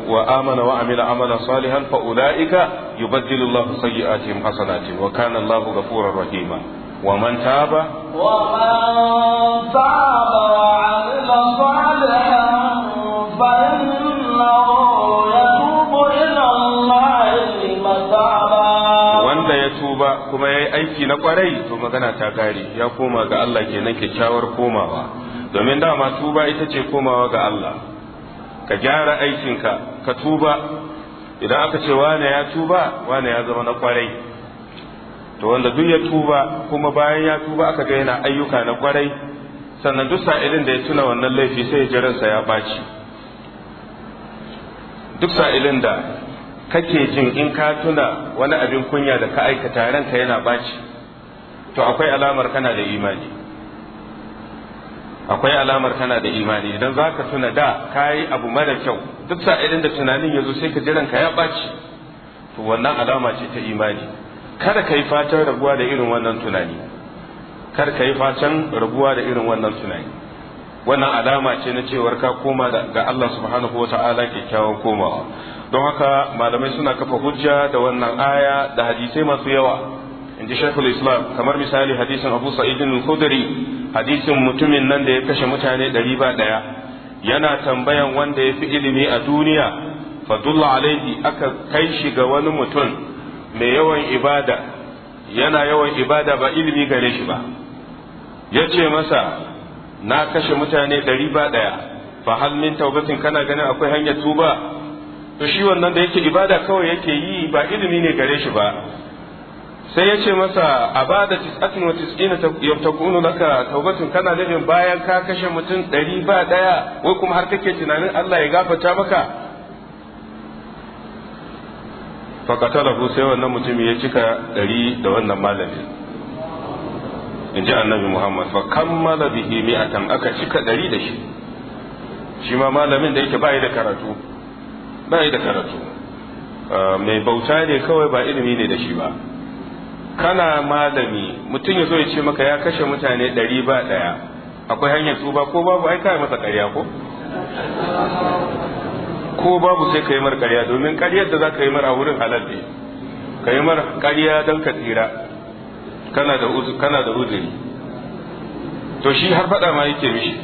A: wa amana wa amila amalan salihan fa ulaika yubaddilu Allah sayyi'atihim hasanati wa kana Allah ghafurur rahima wa man taba
B: wa man taba wa amila salihan fa innahu yatubu ila Allah mataba
A: wanda ya tuba kuma yayi aiki na kwarai to magana ta kare ya koma ga Allah kenan kyakkyawar komawa domin dama tuba ita ce komawa ga Allah ka gyara aikinka ka tuba idan aka ce wane ya tuba wane ya zama na kwarai to wanda duk ya tuba kuma bayan ya tuba aka ga yana ayyuka na kwarai sannan duk sa'ilin da ya tuna wannan laifi sai jiransa ya baci duk sa'ilin da kake jin in ka tuna wani abin kunya da ka aikata ranka yana baci to akwai alamar kana da imani akwai alamar kana da imani idan za ka tuna da ka yi abu mara kyau duk sa'ilin da tunanin ya zo sai ka jiran ka ya ɓaci to wannan alama ce ta imani kada ka yi fatan rabuwa da irin wannan tunani kada ka yi fatan rabuwa da irin wannan tunani wannan alama ce na cewar ka koma ga Allah subhanahu wa ta'ala kyakkyawan komawa don haka malamai suna kafa hujja da wannan aya da hadisai masu yawa inji shekul islam kamar misali hadisin abu sa'idin al-khudri hadisin mutumin nan da ya kashe mutane ɗari ba ɗaya yana tambayan wanda ya fi ilimi a duniya fadulla alaihi aka kai shi ga wani mutum mai yawan ibada yana yawan ibada ba ilimi gare shi ba ya ce masa na kashe mutane ɗari ba ɗaya fa hal min taubatin kana ganin akwai hanyar tuba to shi wannan da yake ibada kawai yake yi ba ilimi ne gare shi ba sai ya ce masa a ba da tis'atin wa tis'ina ya takunu laka taubatun kana nufin bayan ka kashe mutum ɗari ba ɗaya wai kuma har kake tunanin Allah ya gafarta maka da sai wannan mutum ya cika ɗari da wannan malami in ji annabi muhammad fa kammala bihi mi'atan aka cika ɗari da shi shi ma malamin da yake ba da karatu ba da karatu ah, mai bauta ne kawai ba ilimi ne da shi ba kana malami mutum ya zo ya ce maka ya kashe mutane ɗari ba ɗaya akwai hanyar tuba ko babu ai kai masa ƙarya ko ko babu sai ka yi mar ƙarya domin ƙaryar da za ka yi mar a wurin halal ne ka yi mar ƙarya don ka tsira kana da kana da uzuri to shi har faɗa ma yake mishi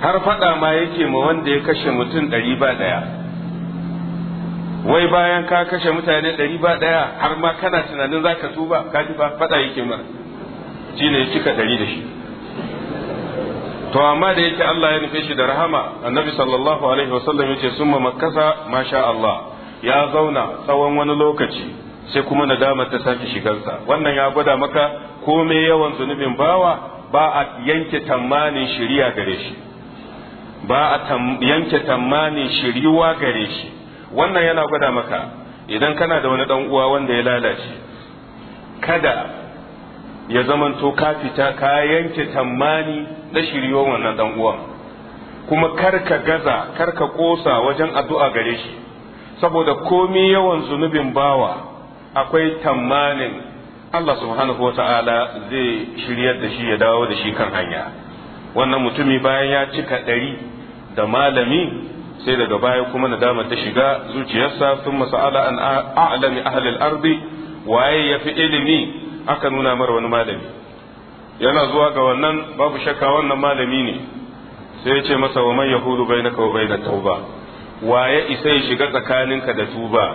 A: har faɗa ma yake ma wanda ya kashe mutum ɗari ba ɗaya wai bayan ka kashe mutane ɗari ba ɗaya har ma kana tunanin za ka tuba ka ji ba faɗa yake ma shi ne cika ɗari da shi to amma da yake Allah ya nufe shi da rahama annabi sallallahu alaihi wasallam ya ce sun makasa masha Allah ya zauna tsawon wani lokaci sai kuma na dama ta sake shigansa wannan ya gwada maka komai yawan zunubin bawa ba a yanke tamanin shiriya gare shi ba a yanke tamanin shiriwa gare shi wannan yana gwada maka idan kana da wani dan uwa wanda ya lalace kada ya zamanto ka fita ka yanke tammani na shiryo wannan dan uwan kuma kar ka gaza kar ka kosa wajen addu'a gare shi saboda komi yawan zunubin bawa akwai tammanin Allah subhanahu wata'ala zai shiryar da shi ya dawo da shi kan hanya wannan mutumi bayan ya cika ɗari da malami sai daga baya kuma nadama ta shiga zuciyarsa sun masa'ala an a'lami ahlil ardi waye ya fi ilimi aka nuna mara wani malami yana zuwa ga wannan babu shakka wannan malami ne sai ya ce masa wa man yahudu bainaka wa bainat tauba waye isa ya shiga tsakaninka da tuba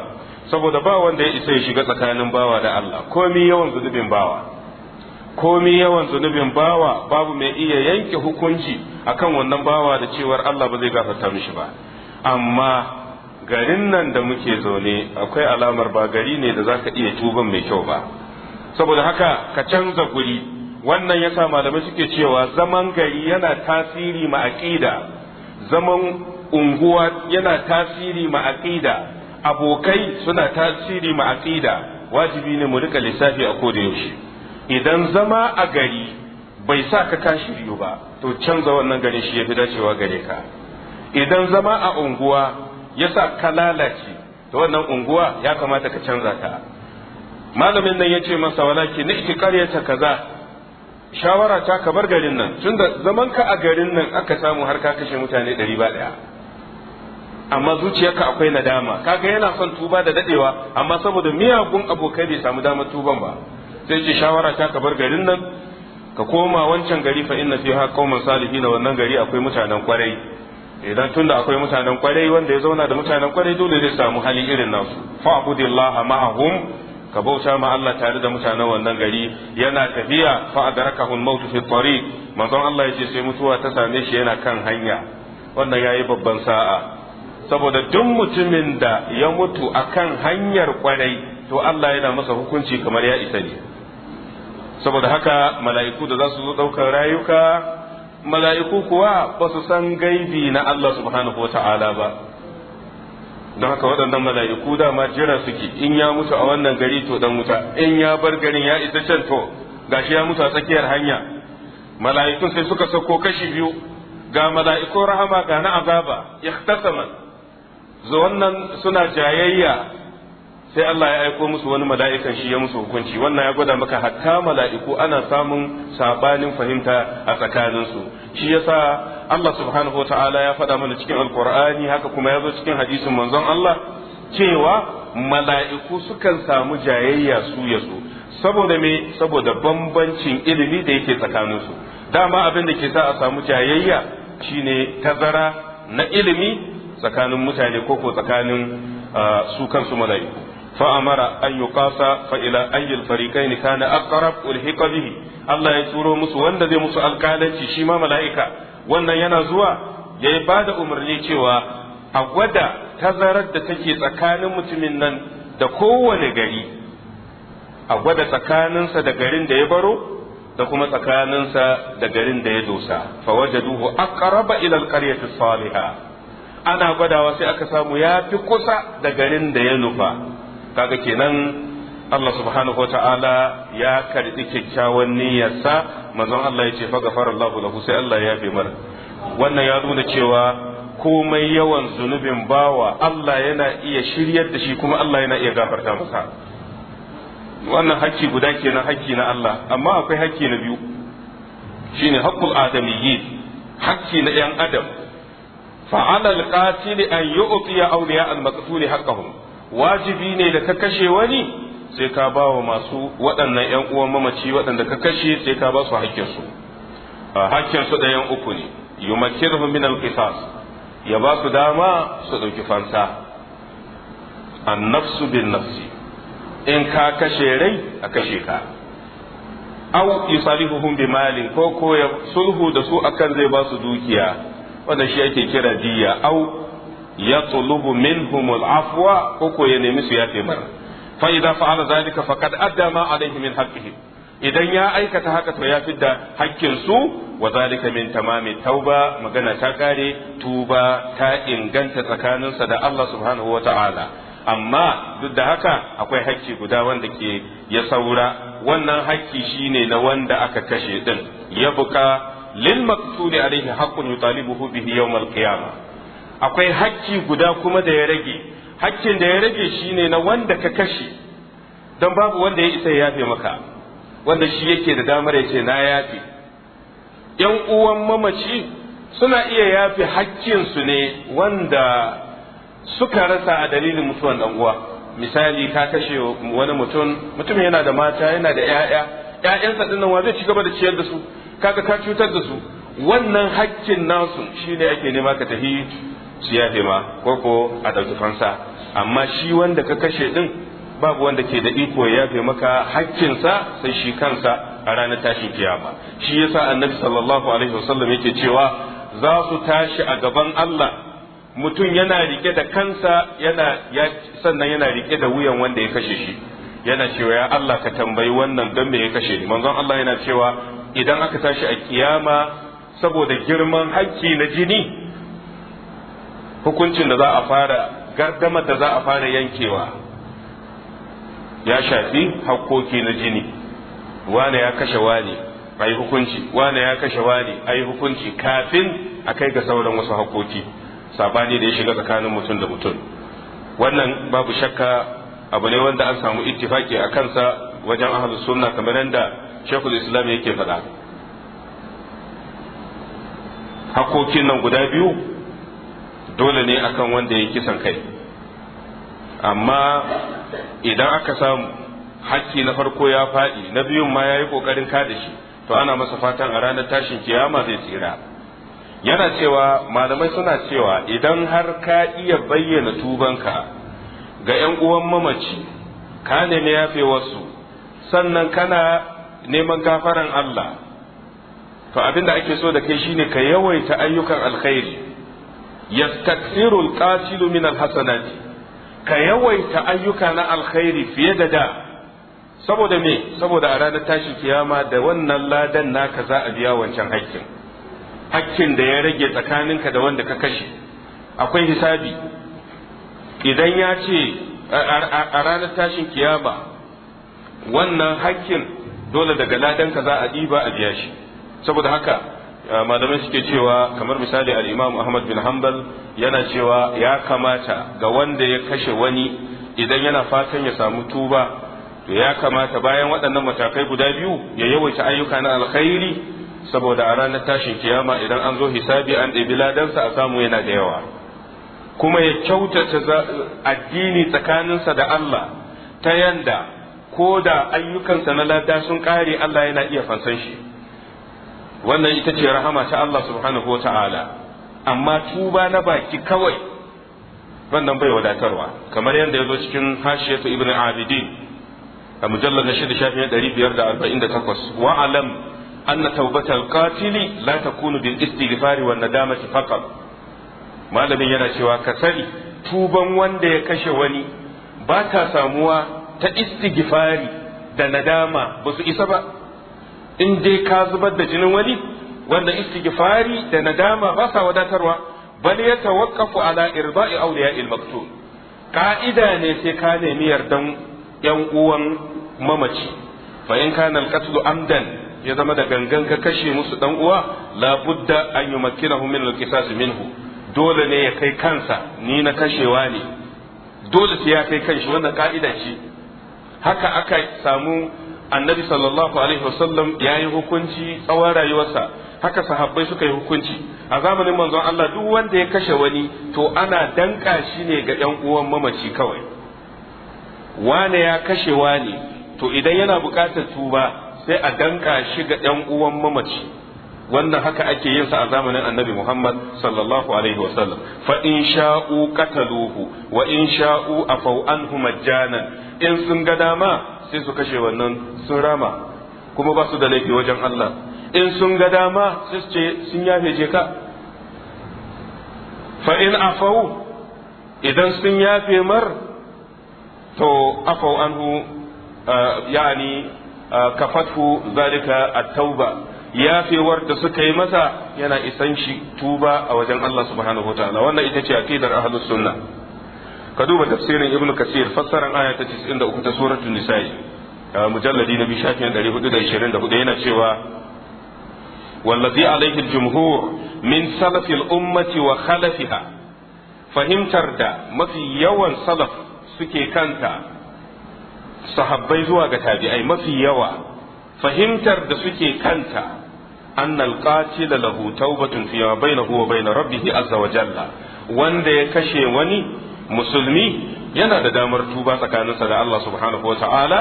A: saboda ba wanda ya isa ya shiga tsakanin bawa da Allah komai yawan zunubin bawa komai yawan zunubin bawa babu mai iya yanke hukunci akan wannan bawa da cewar Allah ba zai gafarta mishi ba amma garin nan da muke zaune akwai alamar ba gari ne da zaka iya tuban mai kyau ba saboda haka ka canza guri wannan yasa malamai suke cewa zaman gari yana tasiri ma aqida zaman unguwa yana tasiri ma aqida abokai suna tasiri ma aqida wajibi ne mu rika lissafi a koda yaushe idan zama a gari bai sa ka tashi biyu ba to canza wannan gari shi yafi dacewa gare ka idan zama a unguwa ya sa ka lalace to wannan unguwa ya kamata ka canza ta malamin nan ya ce masa walaki ni ki karyata kaza shawara ta ka bar garin nan tunda zaman ka a garin nan aka samu har ka kashe mutane ɗari ba ɗaya amma zuciyarka akwai nadama kaga yana son tuba da dadewa amma saboda miyagun abokai bai samu damar tuban ba sai ce shawara ta ka bar garin nan ka koma wancan gari fa inna fiha qauman salihin wannan gari akwai mutanen kwarai idan tunda akwai mutanen kwarai wanda ya zauna da mutanen kwarai dole zai samu hali irin nasu fa'budillah ma'ahum ka bauta ma Allah tare da mutanen wannan gari yana tafiya fa adrakahu al-maut fi tariq manzon Allah yace sai mutuwa ta same shi yana kan hanya wannan yayi babban sa'a saboda duk mutumin da ya mutu akan hanyar kwarai to Allah yana masa hukunci kamar ya isa ne saboda haka mala'iku da za su zo ɗaukar rayuka mala'iku kuwa ba su san gaibi na Allah subhanahu wata'ala ba don haka waɗannan mala'iku dama jira suke in ya mutu a wannan gari to dan wuta in ya bar garin ya isa can to gashi ya mutu a tsakiyar hanya mala'ikun sai suka sako kashi biyu ga mala'ikun rahama ga na azaba ikhtasaman zo wannan suna jayayya sai Allah ya aiko musu wani mala'ikan shi ya musu hukunci wannan ya gwada maka hatta mala'iku ana samun sabanin fahimta a tsakaninsu shi yasa Allah subhanahu ta'ala ya faɗa mana cikin alkur'ani haka kuma ya zo cikin hadisin manzon Allah cewa mala'iku sukan samu jayayya su ya saboda me saboda bambancin ilimi da yake tsakaninsu dama abin da ke sa a samu jayayya shine tazara na ilimi tsakanin mutane ko ko tsakanin ah, su kansu mala'iku فأمر أن يقاس فإلى أي الفريقين كان أقرب ألحق به الله يتورو مسو وند زي مسو القالنci shi ma mala'ika wannan yana zuwa ya ba da umarni cewa a gwada tazarar da take tsakanin mutumin nan da kowane gari a gwada tsakaninsa da garin da ya baro da kuma tsakaninsa da garin da ya dosa fa wajaduhu aqraba ila alqaryati salihah ana gwadawa sai aka samu ya fi kusa da garin da ya nufa kaga kenan Allah subhanahu wata'ala ya karɓi kyakkyawan niyyarsa manzon Allah ya ce fa gafarallahu lahu sai Allah ya yafe mara wannan ya nuna cewa komai yawan zunubin bawa Allah yana iya shiryar da shi kuma Allah yana iya gafarta masa wannan hakki guda kenan hakki na Allah amma akwai hakki na biyu shine haqqul adamiyyi hakki na yan adam fa'ala al-qatil an yu'tiya awliya al-maqtul haqqahum wajibi ne da ka kashe wani sai ka ba wa masu waɗannan ‘yan uwan mamaci waɗanda ka kashe sai ka ba su hakkinsu ah, hakkinsu ɗayan uku ne makin min alqisas ya ba su dama su ɗauki fansa nafsu bin nafsi in ka kashe rai a kashe ka au yusalihuhum bi malin ko ko ya sulhu da su akan zai ba su dukiya wanda shi ake kira diya au Ya minhum al-afwa ko ko ya nemi su yafe mar fa idza fa'ala zalika faqad adda ma alayhi min haqqihi idan ya aikata haka to ya fidda hakkin su wa zalika min tamami tauba magana ta kare tuba ta inganta tsakaninsa da Allah subhanahu wata'ala amma duk da haka akwai hakki guda wanda ke ya saura wannan hakki shine na wanda aka kashe din ya buka lil maktuli alaihi haqqun yutalibuhu bihi yawm qiyamah akwai hakki guda kuma da ya rage hakkin da ya rage shine na wanda ka kashe don babu wanda ya isa ya yafe maka wanda shi yake da damar ya ce na yafe yan uwan mamaci suna iya yafe hakkinsu ne wanda suka rasa a dalilin mutuwan dan uwa misali ka kashe wani mutum mutum yana da mata yana da 'ya'ya 'ya'yansa dinnan wa zai ci gaba da ciyar da su kaga ka cutar da su wannan hakkin nasu shine ake nema ka tafi su yafe ma ko ko a ɗauki fansa amma shi wanda ka kashe ɗin babu wanda ke da iko ya yafe maka hakkin sa sai shi kansa a ranar tashin kiyama shi yasa annabi sallallahu alaihi wasallam yake cewa za su tashi a gaban Allah mutum yana rike da kansa yana ya sannan yana rike da wuyan wanda ya kashe shi yana cewa ya Allah ka tambayi wannan don me ya kashe ni manzon Allah yana cewa idan aka tashi a kiyama saboda girman hakki na jini hukuncin da za a fara gardamar da za a fara yankewa ya shafi hakkoki na jini wane ya kashe wane ai hukunci wane ya kashe wane ai hukunci kafin a kai ga sauran wasu hakkoki sabani da ya shiga tsakanin mutum da mutum wannan babu shakka abu ne wanda an samu ittifaki a kansa wajen ahlus sunna kamar yadda shekul islam yake faɗa hakkokin nan guda biyu dole ne akan wanda ya yi kisan kai amma idan aka samu hakki na farko ya faɗi na biyun ma ya yi ƙoƙarin kada shi to ana masa fatan a ranar tashin kiyama zai tsira yana cewa malamai suna cewa idan har ka iya bayyana tubanka ga 'yan uwan mamaci ka nemi yafe wasu sannan kana neman gafaran Allah to abin da ake so da kai shine ka yawaita ayyukan alkhairi yastaksirul qatilu min alhasanati ka yawaita ayyuka na alkhairi fiye da da saboda me saboda a ranar tashin kiyama da wannan ladan naka za a biya wancan hakkin hakkin da ya rage tsakaninka da wanda ka kashe akwai hisabi idan ya ce a ranar tashin kiyama wannan hakkin dole daga ladanka za a ɗiba a biya shi saboda haka Ah, malamai suke cewa kamar misali al-Imam Ahmad bin Hanbal yana cewa ya kamata ga wanda ya kashe wani idan yana fatan ya samu tuba to ya kamata bayan waɗannan matakai guda biyu ya yawaita ayyuka na alkhairi saboda a ranar tashin kiyama idan an zo hisabi an ɗebi ladansa a samu yana da yawa kuma ya kyautata addini tsakaninsa da Allah ta yanda ko da ayyukansa na lada sun ƙare Allah yana iya fansan shi wannan ita ce rahama ta Allah subhanahu wata'ala amma tuba na baki kawai wannan bai wadatarwa kamar yadda ya zo cikin hashiyatu ibn abidin a mujallar na shida shafin ɗari biyar da arba'in da takwas wa alam anna taubatar katili la takunu bil istighfari wan nadamati faqat malamin yana cewa ka sani tuban wanda ya kashe wani ba ta samuwa ta istighfari da nadama ba su isa ba in dai ka zubar da jinin wani wanda istighfari da nadama ba sa wadatarwa bal ya tawaqqafu ala irda'i awliya'il maktum ka'ida ne sai ka nemi yardan yan uwan mamaci fa in kana al-qatl amdan ya zama da gangan ka kashe musu dan uwa la budda an yumakkinahu min al-qisas minhu dole ne ya kai kansa ni na kashewa ne dole sai ya kai kanshi wannan ka'ida ce haka aka samu annabi sallallahu alaihi wasallam ya yi hukunci tsawon rayuwarsa haka sahabbai suka yi hukunci a zamanin manzon Allah duk wanda ya kashe wani to ana danka shi ne ga yan uwan mamaci kawai wane ya kashe wani to idan yana buƙatar tuba sai a danka shi ga yan uwan mamaci wannan haka ake yin sa a zamanin annabi Muhammad sallallahu alaihi wasallam fa in sha'u qataluhu wa in sha'u afau anhu majjanan in sun ga dama sai su kashe wannan sun rama kuma ba su da laifi wajen Allah in sun ga dama sai su ce sun yafe je ka fa in afau idan sun yafe mar to afau anhu yani kafatu zalika at-tauba yafewar da suka yi masa yana isan shi tuba a wajen Allah subhanahu wataala wannan ita ce aqidar ahlus sunnah ka duba tafsirin ibnu kasir fassaran aya ta 93 ta suratul nisa'i mujalladi na biyu shafin 424 yana cewa wallazi alaihi jumhur min salafil ummati wa khalafiha fahimtar da mafi yawan salaf suke kanta sahabbai zuwa ga tabi'ai mafi yawa fahimtar da suke kanta an annal qatila lahu taubatun fiya bainahu wa bain rabbih azza wa jalla wanda ya kashe wani musulmi yana da damar tuba tsakaninsa da Allah subhanahu wa ta'ala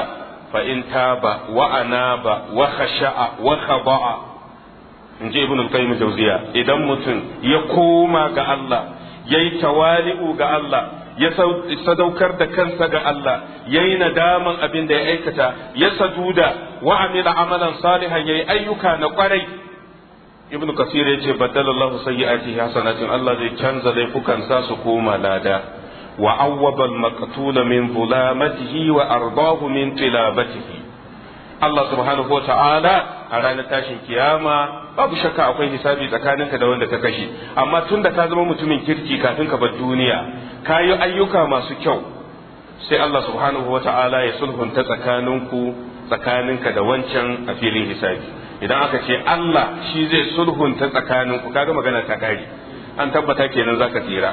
A: fa in taba wa anaba wa khasha'a wa in ji ibn al-qayyim jawziya idan mutum ya koma ga Allah yayi tawali'u ga Allah ya sadaukar da kansa ga Allah yayi nadaman abin da ya aikata ya saduda wa amila amalan salihan yayi ayyuka na kwarai ibn kasir ya ce badalallahu sayyi'atihi hasanatin Allah zai canza laifukan sa su koma lada wa awwaba al-maqtul min zulamatihi wa ardahu min tilabatihi Allah subhanahu wa ta'ala a ranar tashin kiyama babu shakka akwai hisabi tsakaninka da wanda ka kashe amma tunda da ka zama mutumin kirki kafin ka bar duniya ka yi ayyuka masu kyau sai Allah subhanahu wa ta'ala ya sulhunta tsakaninku tsakaninka da wancan a filin hisabi idan aka ce Allah shi zai sulhunta tsakaninku kaga magana ta kare an tabbata kenan zaka tsira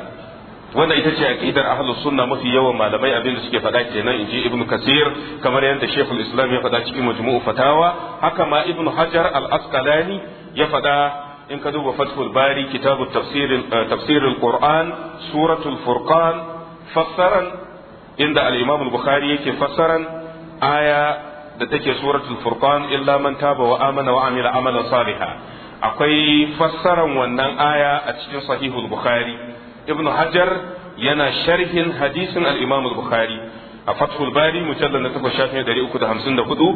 A: wanda ita ce aqidar ahlus sunna mafi yawan malamai abin da suke faɗa kenan inji ibnu kasir kamar yadda shaykhul islam ya faɗa cikin majmu'u fatawa haka ma ibnu hajar al asqalani ya faɗa in ka duba fathul bari kitabu tafsirin eh, qur'an suratul furqan fassaran inda al imam al bukhari yake fassaran aya da take suratul furqan illa man taba wa amana wa amila amalan salihan akwai fassaran wannan aya a cikin sahihul bukhari ibnu hajar yana sharhin hadisin al-imam al-bukhari a fathul bari mujallal na 8 shafin hudu.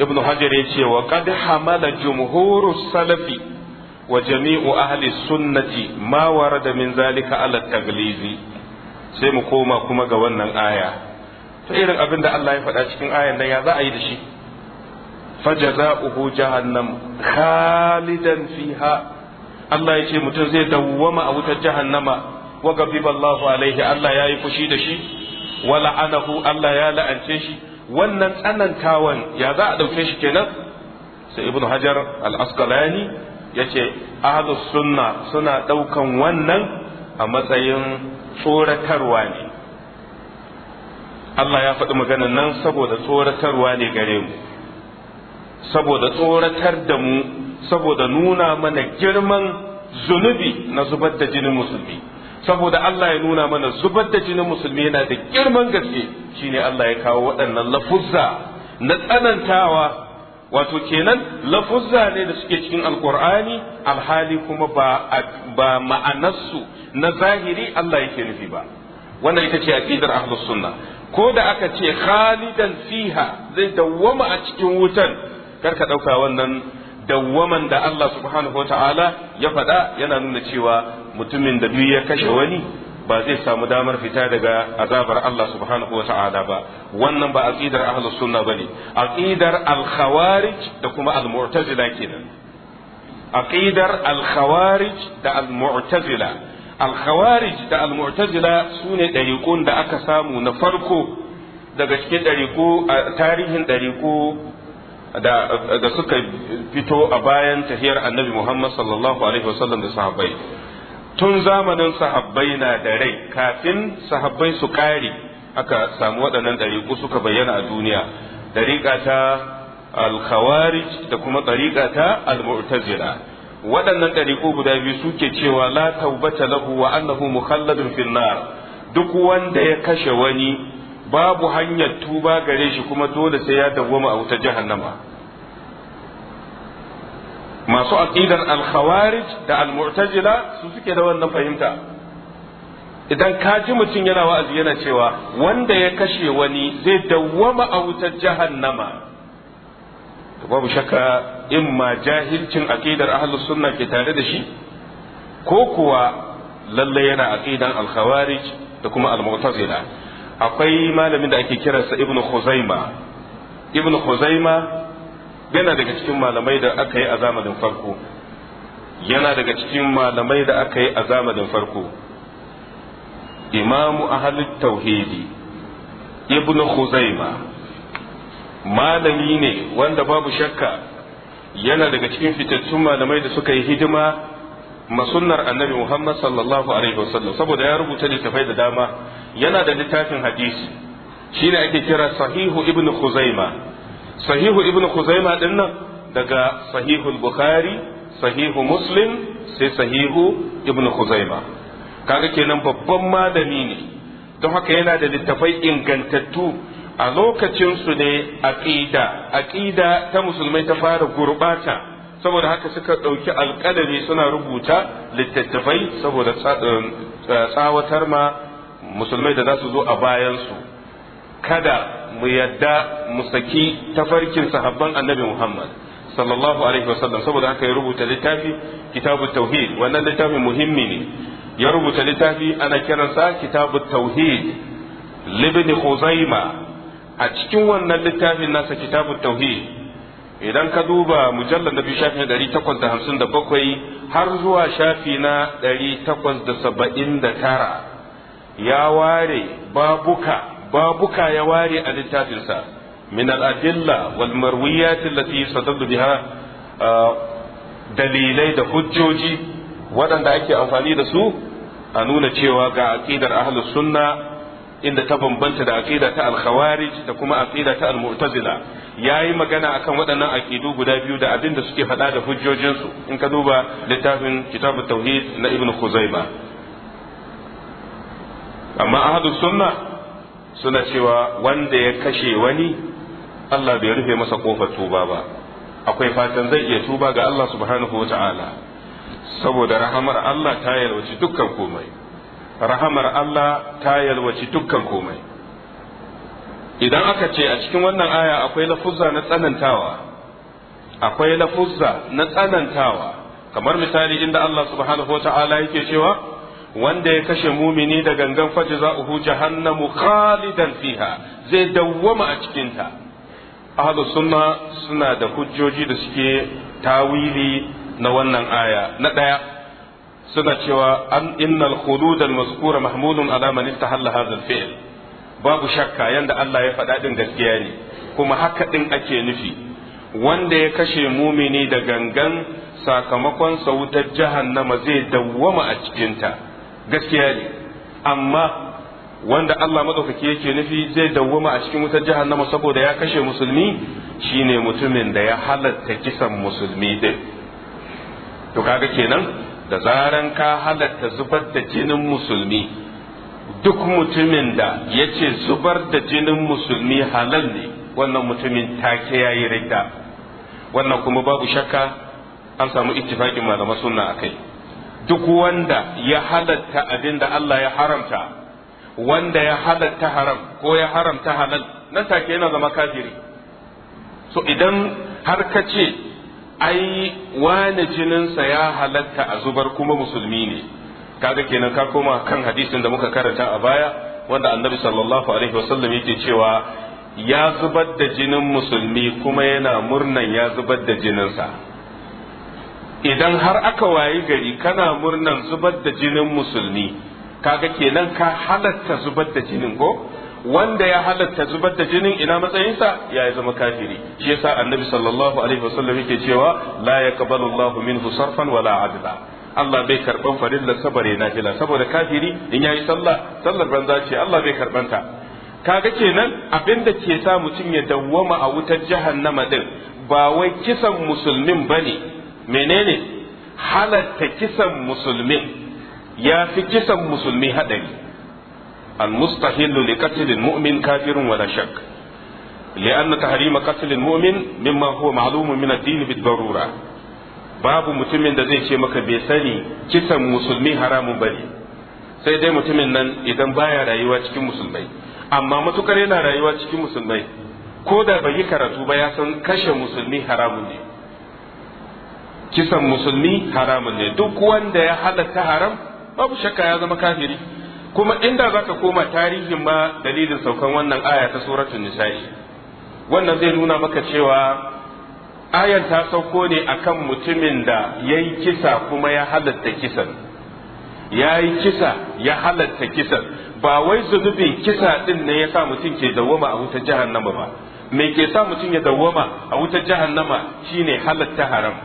A: ibnu hajar ya ce wa qad hamala jumhuru salafi wa jami'u ahli sunnati ma warada min zalika ala taglizi sai mu koma kuma ga wannan aya to irin abin da Allah ya faɗa cikin ayan nan ya za a yi da shi fajaza'uhu jahannam khalidan fiha Allah ya ce mutum zai dawwama a wutar jahannama wa gabiba alaihi Allah ya yi fushi da shi wa la'anahu Allah ya la'ance shi wannan tsanantawan ya za a dauke shi kenan sai ibnu hajar al-asqalani yace ahlus sunna suna daukan wannan a matsayin tsoratarwa ne Allah ya faɗi maganan nan saboda tsoratarwa ne gare mu saboda tsoratar da mu saboda nuna mana girman zunubi na zubar da jinin musulmi saboda Allah ya nuna mana zubar da jinin musulmi yana da girman gaske shine Allah ya kawo waɗannan lafuzza na tsanantawa wato kenan lafuzza ne da suke cikin alkur'ani alhali kuma ba ba ma'anarsu na zahiri Allah yake nufi ba wannan ita ce aqidar ahlus sunna ko da aka ce khalidan fiha zai dawwama a cikin wutan kar ka ɗauka wannan dawwaman da Allah subhanahu wa ta'ala ya faɗa yana nuna cewa mutumin da duk ya kashe wani ba zai samu damar fita daga azabar Allah subhanahu wa ta'ala ba wannan ba aqidar ahlus sunna bane aqidar al-khawarij da kuma al-mu'tazila kenan aqidar al-khawarij da al-mu'tazila al-khawarij da al-mu'tazila sune dariqun da aka samu na farko daga cikin a tarihin dariqo da suka fito a bayan tahiyar annabi Muhammad sallallahu alaihi wasallam da sahabbai tun zamanin sahabbai na da rai kafin sahabbai su ƙare aka samu waɗannan ɗariƙu suka bayyana a duniya ɗariƙa ta alkhawarij da kuma ɗariƙa ta almu'tazila waɗannan ɗariƙu guda biyu suke cewa la taubata lahu wa annahu mukhalladun finnar duk wanda ya kashe wani babu hanyar tuba gare shi kuma dole sai ya dawwama a wuta jahannama masu aqidar al-khawarij da al-mu'tazila su suke da wannan fahimta idan ka ji mutum yana wa'azi yana cewa wanda ya kashe wani zai dawwama a wutar jahannama to babu shakka in ma jahilcin aqidar ahlus sunna ke tare da shi ko kuwa lalle yana aqidan al-khawarij da kuma al-mu'tazila akwai malamin da ake kiransa ibnu khuzaima ibnu khuzaima yana daga cikin malamai da aka yi a zamanin farko yana daga cikin malamai da aka yi a zamanin farko imamu ahalin tauhidi ibnu khuzaima malami ne wanda babu shakka yana daga cikin fitattun malamai da suka yi hidima masunnar annabi muhammad sallallahu alaihi wasallam saboda ya rubuta littafai da dama yana da littafin hadisi shi ne ake kira sahihu ibn khuzaima sahihu ibn khuzaima din nan daga sahihu bukhari sahihu muslim sai sahihu ibn khuzaima kaga kenan babban malami ne don haka yana da littafai ingantattu a lokacin su ne aqida aqida ta musulmai ta fara gurbata saboda haka suka ɗauki alƙalami suna rubuta littattafai saboda eh, tsawatar ma musulmai da za su zo a bayansu kada mu yadda mu saki tafarkin sahabban annabi muhammad sallallahu alaihi wasallam saboda haka ya rubuta littafi kitabu tauhid wannan littafin muhimmi ne ya rubuta littafi ana kiransa kitabu tauhid libni khuzaima a cikin wannan littafin nasa kitabu tauhid idan ka duba mujallar na biyu shafi na ɗari takwas da hamsin da bakwai har zuwa shafi na ɗari takwas da saba'in da tara ya ware babuka babuka ya ware a littafinsa min al'adilla wal marwiyati allati sadaddu biha dalilai da hujjoji waɗanda ake amfani da su a nuna cewa ga aqidar ahli sunna inda ta bambanta da aqida ta al-khawarij da kuma aqida ta al-mu'tazila yayi magana akan waɗannan aqidu guda biyu da abin da suke faɗa da hujjojinsu in ka duba littafin kitabut tauhid na ibn khuzaimah amma ahadu sunna suna cewa wanda ya kashe wani Allah bai rufe masa kofar tuba ba akwai fatan zai iya tuba ga Allah subhanahu wa ta'ala saboda rahamar Allah ta yalwaci dukkan komai rahamar Allah ta yalwaci dukkan komai idan aka ce a cikin wannan aya akwai lafuzza na tsanantawa akwai lafuzza na tsanantawa kamar misali inda Allah subhanahu wa ta'ala yake cewa wanda ya kashe mumini da gangan faji za uhu jahannamu khalidan fiha zai dawwama a cikinta ahlu sunna suna da hujjoji da suke tawili na wannan aya na daya suna cewa an innal khulud al mahmudun ala man istahalla hadha al babu shakka yanda Allah ya faɗa din gaskiya ne kuma haka din ake nufi wanda ya kashe mumini da gangan sakamakon sa wutar jahannama zai dawwama a cikinta gaskiya ne amma wanda Allah madaukaki yake nufi zai dawwama a cikin wutar jahannama saboda ya kashe musulmi shine mutumin da ya halatta kisan musulmi din to kaga kenan da zaran ka halatta zubar da jinin musulmi duk mutumin da ya ce zubar da jinin musulmi halal ne wannan mutumin take ya yi wannan kuma babu shakka an samu ittifaƙin malama sunna a kai duk wanda ya halatta abin da Allah ya haramta wanda ya halatta haram ko ya haramta halal nan take yana zama kafiri so idan har ka ce ai wani jininsa ya halatta a zubar kuma musulmi ne kaga kenan ka koma kan hadisin da muka karanta a baya wanda annabi sallallahu alaihi wasallam yake cewa ya zubar da jinin musulmi kuma yana murnan ya zubar da jininsa idan har aka wayi gari kana murnan zubar da jinin musulmi kaga kenan ka halatta zubar da jinin ko wanda ya halatta zubar da jinin ina matsayinsa ya zama kafiri shi yasa annabi sallallahu alaihi wasallam yake cewa la yaqbalu Allahu minhu sarfan wala adla Allah bai karban farillar sabare na fila saboda kafiri in yayi sallah sallar banza ce Allah bai karbanta kaga kenan abinda ke sa mutum ya dawwama a wutar jahannama din ba wai kisan musulmin bane menene halatta kisan musulmin ya fi kisan musulmi hadari al mustahillu li qatlil mu'min kafirun wala shakk لأن mumin قتل المؤمن مما هو معلوم من الدين بالضرورة babu mutumin da zai ce maka bai sani kisan musulmi haramun bane sai dai mutumin nan idan baya rayuwa cikin musulmai amma matukar yana rayuwa cikin musulmai ko da bai yi karatu ba ya san kashe musulmi haramun ne kisan musulmi haramun ne duk wanda ya halatta haram babu shakka ya zama kafiri kuma inda zaka koma tarihin ma dalilin saukan wannan aya ta suratul nisa'i wannan zai nuna maka cewa ayan ta sauko ne akan mutumin da yayi kisa kuma ya halatta kisan yayi kisa ya halatta kisan ba wai zunubin kisa din ne ya mutum ke dawwama a wutar jahannama ba me ke sa mutum ya dawwama a wutar jahannama shine halatta haram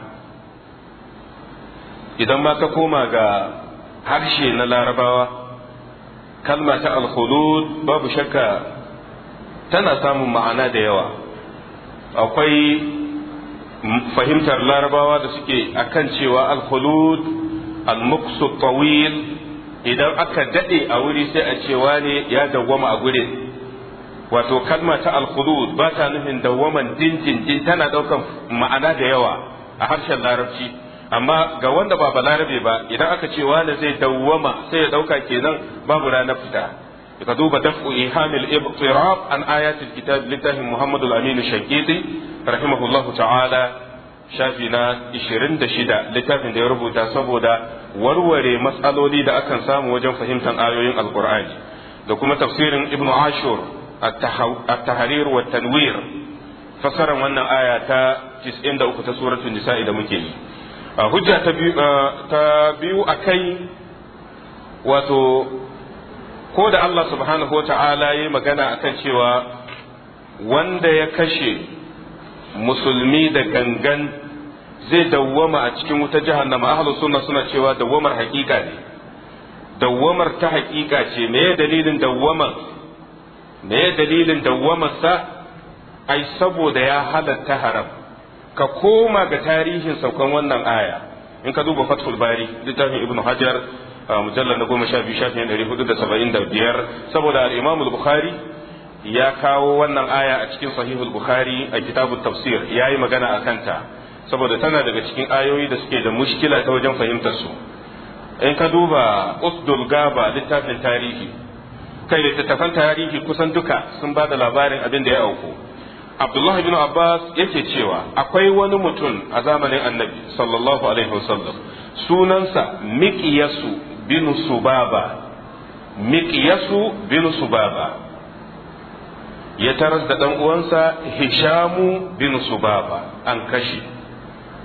A: idan ma ka koma ga harshe na larabawa kalma ta alkhulud babu shakka tana samun ma'ana da yawa akwai fahimtar larabawa da suke akan cewa alkhulud almuksu tawil idan aka daɗe a wuri sai a cewa ne ya dawwama a gurin wato kalma ta alkhulud ba ta nufin dawwaman din tana ɗaukan ma'ana da yawa a harshen larabci amma ga wanda ba balarabe ba idan aka ce wani zai dawwama sai ya dauka kenan babu ranar fita ka duba daf'u ihamil ibtirab an ayatul kitab littafin muhammadu Aminu amin shaqiqi rahimahullahu ta'ala shafi na 26 littafin da ya rubuta saboda warware matsaloli da akan samu wajen fahimtar ayoyin alqur'ani da kuma tafsirin ibnu ashur at-tahrir wa tanwir fasaran wannan aya ta 93 ta suratul nisa'i da muke yi Ah, hujja ta biyu ah, a kai wato ko da Allah subhanahu wa ta'ala yi magana akan cewa wanda ya kashe musulmi da gangan zai dawwama a cikin wuta jahannama ahlus sunna suna cewa dawwamar hakika ne dawwamar ta hakika ce me dalilin dawwamar me dalilin dawwamar sa ai saboda ya halatta haram ka koma ga tarihin saukan wannan aya in ka duba fathul bari littafin ibnu hajar mujallar na goma sha biyu shafin ɗari hudu da saba'in da biyar saboda al'imamu bukhari ya kawo wannan aya a cikin sahihul bukhari a kitabun tafsir ya yi magana a kanta saboda tana daga cikin ayoyi da suke da mushkila ta wajen fahimtar su in ka duba usdul gaba littafin tarihi kai littattafan tarihi kusan duka sun ba da labarin abin da ya auku Abdullah bin Abbas yake cewa akwai wani mutum a zamanin annabi sallallahu alaihi wasallam sunansa miƙiyasu bin subaba miƙiyasu bin subaba ya taras da ɗan uwansa hishamu bin subaba an kashe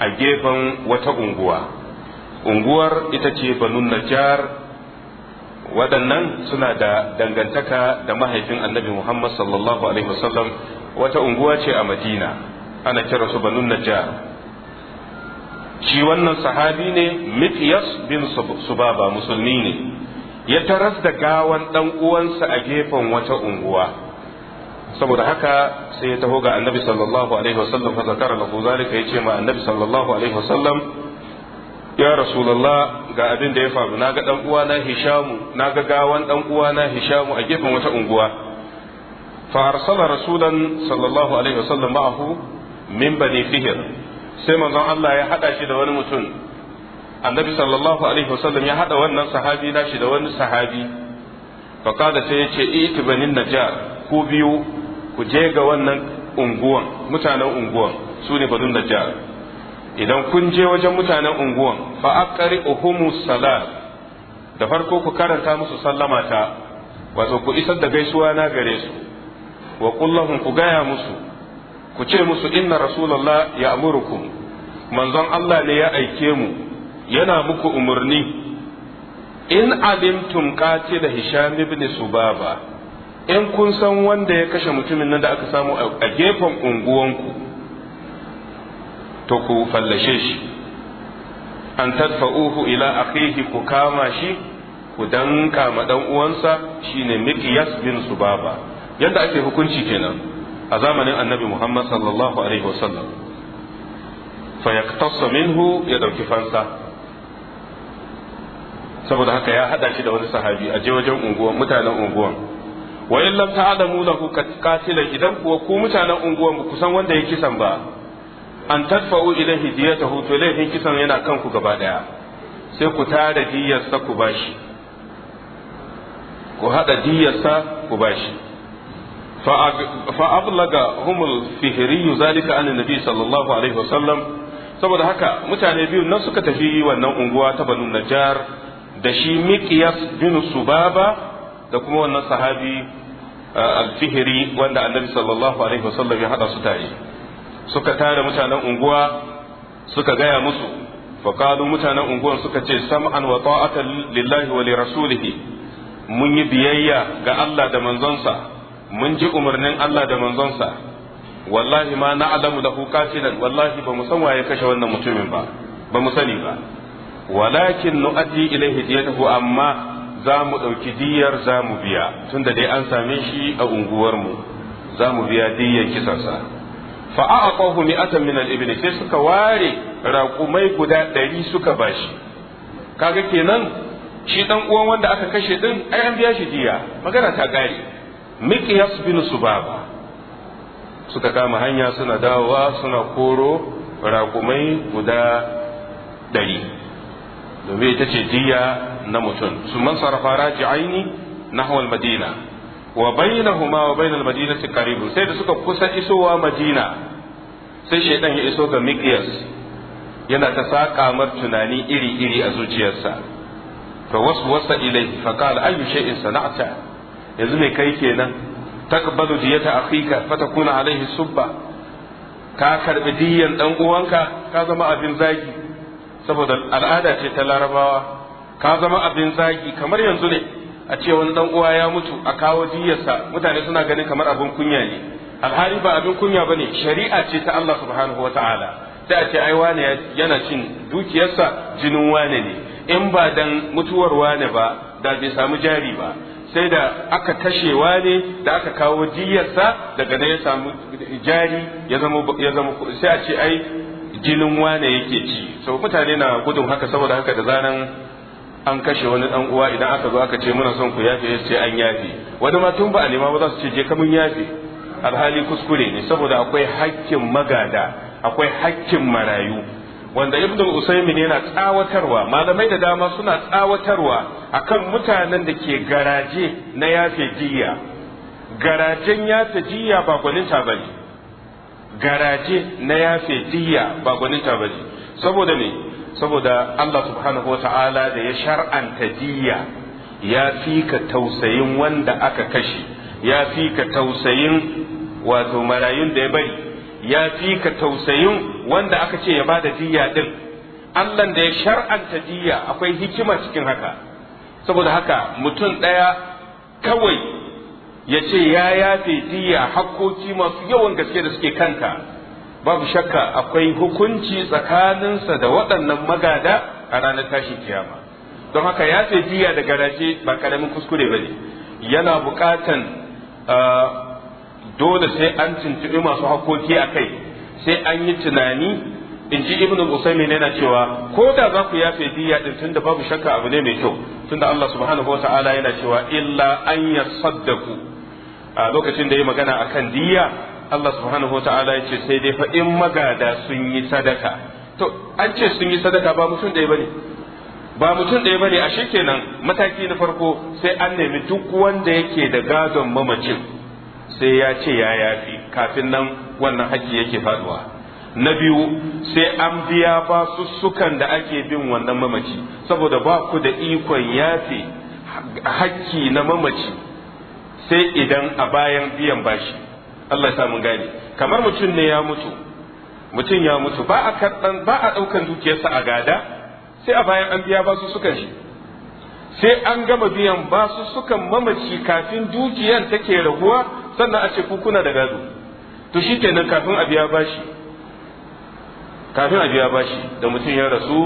A: a gefen wata unguwa unguwar ita ce banun najjar waɗannan suna da dangantaka da mahaifin annabi muhammad sallallahu alaihi wasallam wata unguwa ce a madina ana kira su banu najjar shi wannan sahabi ne mityas bin subaba musulmi ne ya taras da gawan dan uwansa a gefen wata unguwa saboda haka sai ya taho ga annabi sallallahu alaihi wasallam fa zakara lahu zalika yace ma annabi sallallahu alaihi wasallam ya rasulullah ga abin da ya faru naga dan uwana hishamu naga gawan dan uwana hishamu a gefen wata unguwa fa arsala rasulan sallallahu alaihi wasallam ma'ahu min bani fihr sai manzon Allah ya hada shi da wani mutum annabi sallallahu alaihi wasallam ya hada wannan sahabi da shi da wani sahabi fa kada sai ya ce itibanin najar ku biyu ku je ga wannan unguwan mutanen unguwan su ne badun najar idan kun je wajen mutanen unguwan fa aqri uhumu salat da farko ku karanta musu sallama ta wato ku isar da gaisuwa na gare su wa ku gaya musu ku ce musu inna rasulullah ya amurukum manzon Allah ne ya aike mu yana muku umarni in alimtum da hisham ibn subaba in kun san wanda ya kashe mutumin nan da aka samu a gefen unguwanku to ku fallashe shi an tadfa'uhu ila akhihi ku kama shi ku danka ma uwansa shine miqyas bin subaba yadda ake hukunci kenan a zamanin annabi muhammad sallallahu alaihi wasallam fa minhu ya dauki fansa saboda haka ya hada shi da wani sahabi a je wajen unguwan mutanen unguwan wa illam ta'lamu lahu katila idan kuwa ku mutanen unguwan ku san wanda ya kisan ba an tadfa'u ila diyatahu to laifin kisan yana kanku gaba daya sai ku tara diyarsa ku bashi ku hada diyarsa ku bashi فأبلغ هم الفهري ذلك عن النبي صلى الله عليه وسلم saboda haka mutane biyu nan suka tafi wannan unguwa ta banu najjar da shi miqyas bin subaba da kuma wannan sahabi alfihiri wanda annabi sallallahu alaihi wasallam ya hada su tare suka tare mutanen unguwa suka gaya musu faqalu mutanen unguwar suka ce sam'an wa ta'atan lillahi wa rasulihi mun yi biyayya ga Allah da manzonsa mun ji umarnin Allah da manzonsa wallahi ma na alamu da wallahi ba mu san waye kashe wannan mutumin ba ba mu sani ba walakin nu'ati ilaihi diyatahu amma za mu ɗauki diyar za mu biya tunda dai an same shi a unguwarmu za mu biya diyar kisansa fa'aqahu mi'atan min al-ibn sai suka ware raƙumai guda ɗari suka bashi kaga kenan shi dan uwan wanda aka kashe din ai an biya shi diya magana ta gari mikiyas bin subaba suka kama hanya suna dawowa suna koro raƙumai guda ɗari domin ita ce jiya na mutum su man sarrafa raji aini hawan madina wa huma wa bainal su Karibu sai da suka kusa isowa madina sai shaidan ya iso ga mikiyas. yana ta saƙa mar tunani iri iri a zuciyarsa fa waswasa ilayhi fa qala ayyu shay'in sana'ta yanzu mai kai kenan takbalu diyata akhika fatakuna alaihi subba ka karbi diyan dan uwanka ka zama abin zagi saboda al'ada ce ta larabawa ka zama abin zagi kamar yanzu ne a ce wani dan uwa ya mutu a kawo diyarsa mutane suna ganin kamar abin kunya ne alhali ba abin kunya bane shari'a ce ta Allah subhanahu wataala sai a ce ai wane yana cin dukiyarsa jinin wane ne in ba dan mutuwar wane ba da bai samu jari ba sai da aka kashe wane da aka kawo jiyarsa daga da ya samu jari ya zama sai a ce ai jinin wane yake ci sau mutane na gudun haka saboda haka da zanen an kashe wani dan uwa idan aka zo aka ce muna son ku yafe ya ce an yafe wani ma tun ba a nema ba za su ce je mun yafe alhali kuskure ne saboda akwai hakkin magada akwai hakkin marayu wanda ibn usaymin yana tsawatarwa malamai da dama suna tsawatarwa akan mutanen da ke garaje na yafe jiya garajen yafe jiya ba gwaninta ta garaje na yafe jiya ba gwaninta ta saboda ne saboda Allah subhanahu wa da ya shar'anta jiya ya fi ka tausayin wanda aka kashe ya fi ka tausayin wato marayun da ya bari ya fi ka tausayin wanda aka ce ya ba da jiyya din Allah da ya shar'anta jiyya akwai hikima cikin haka saboda haka mutum ɗaya kawai ya ce ya yafe jiyya hakkoki masu yawan gaske da suke kanta babu shakka akwai hukunci tsakaninsa da waɗannan magada a ranar tashin kiyama don haka ya ce da garaje ba karamin kuskure ba ne yana buƙatan ah, dole sai an tuntuɓi masu hakoki a kai sai an yi tunani in ji ibn usaimin yana cewa ko da za ku yafe diya din tunda babu shakka abu ne mai kyau tunda Allah subhanahu wa ta'ala yana cewa illa an yasaddaku a lokacin da ya magana akan diya Allah subhanahu wa ta'ala ya ce sai dai fa in magada sun yi sadaka to an ce sun yi sadaka ba mutum ɗaya bane ba mutum ɗaya bane a kenan mataki na farko sai an nemi duk wanda yake da gadon mamacin sai ya ce ya yafi kafin nan wannan haƙƙi yake faduwa na biyu sai an biya ba sussukan da ake bin wannan mamaci saboda ba ku da ikon yafe haƙƙi na mamaci sai idan a bayan biyan bashi Allah ya mun gane kamar mutum ne ya mutu mutum ya mutu ba a ɗaukan dukiyarsa a gada sai a bayan an biya ba sussukan shi sai an gama biyan basu sukan mamaci kafin dukiyan take raguwa sannan a ce kuna da gado to shi kenan kafin a biya bashi kafin a biya bashi da mutum ya rasu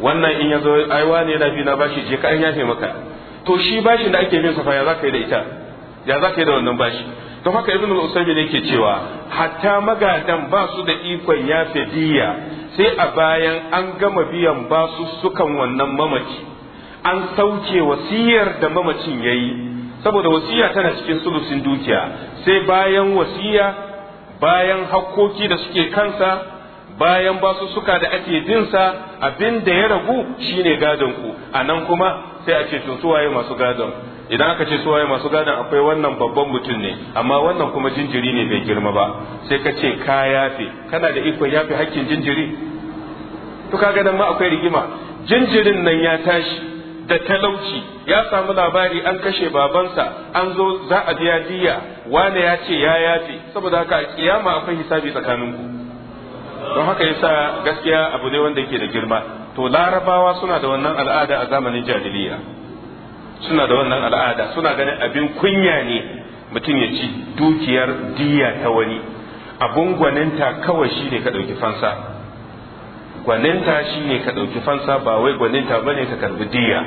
A: wannan in ya zo aiwa ne yana bi na bashi je ka an yafe maka to shi bashin da ake bin sa fa ya zaka yi da ita ya zaka yi da wannan bashi to haka ibn al-usaymi ne ke cewa hatta magadan ba su da ikon yafe diya sai a bayan an gama biyan basu sukan wannan mamaci an sauke wasiyar da mamacin ya yi saboda wasiya tana cikin sulusin dukiya sai bayan wasiya bayan hakkoki da suke kansa bayan basu suka da ake binsa abin da ya ragu shine gadon ku a nan kuma sai a ce to suwaye masu gadon idan aka ce suwaye masu gadon akwai wannan babban mutum ne amma wannan kuma jinjiri ne bai girma ba sai ka ce ka yafe kana da ikon yafe hakkin jinjiri to kaga nan ma akwai rigima jinjirin nan ya tashi da talauci ya samu labari an kashe babansa an zo za a biya diya wane ya ce ya yafe saboda haka a kiyama akwai hisabi tsakaninku don haka yasa gaskiya abu ne wanda yake da girma to larabawa suna da wannan al'ada a zamanin jahiliya suna da wannan al'ada suna ganin abin kunya ne mutum ya ci dukiyar diya ta wani abun gwaninta kawai shi ne ka ɗauki fansa gwaninta ne ka ɗauki fansa ba wai gwaninta ne ka karbi diya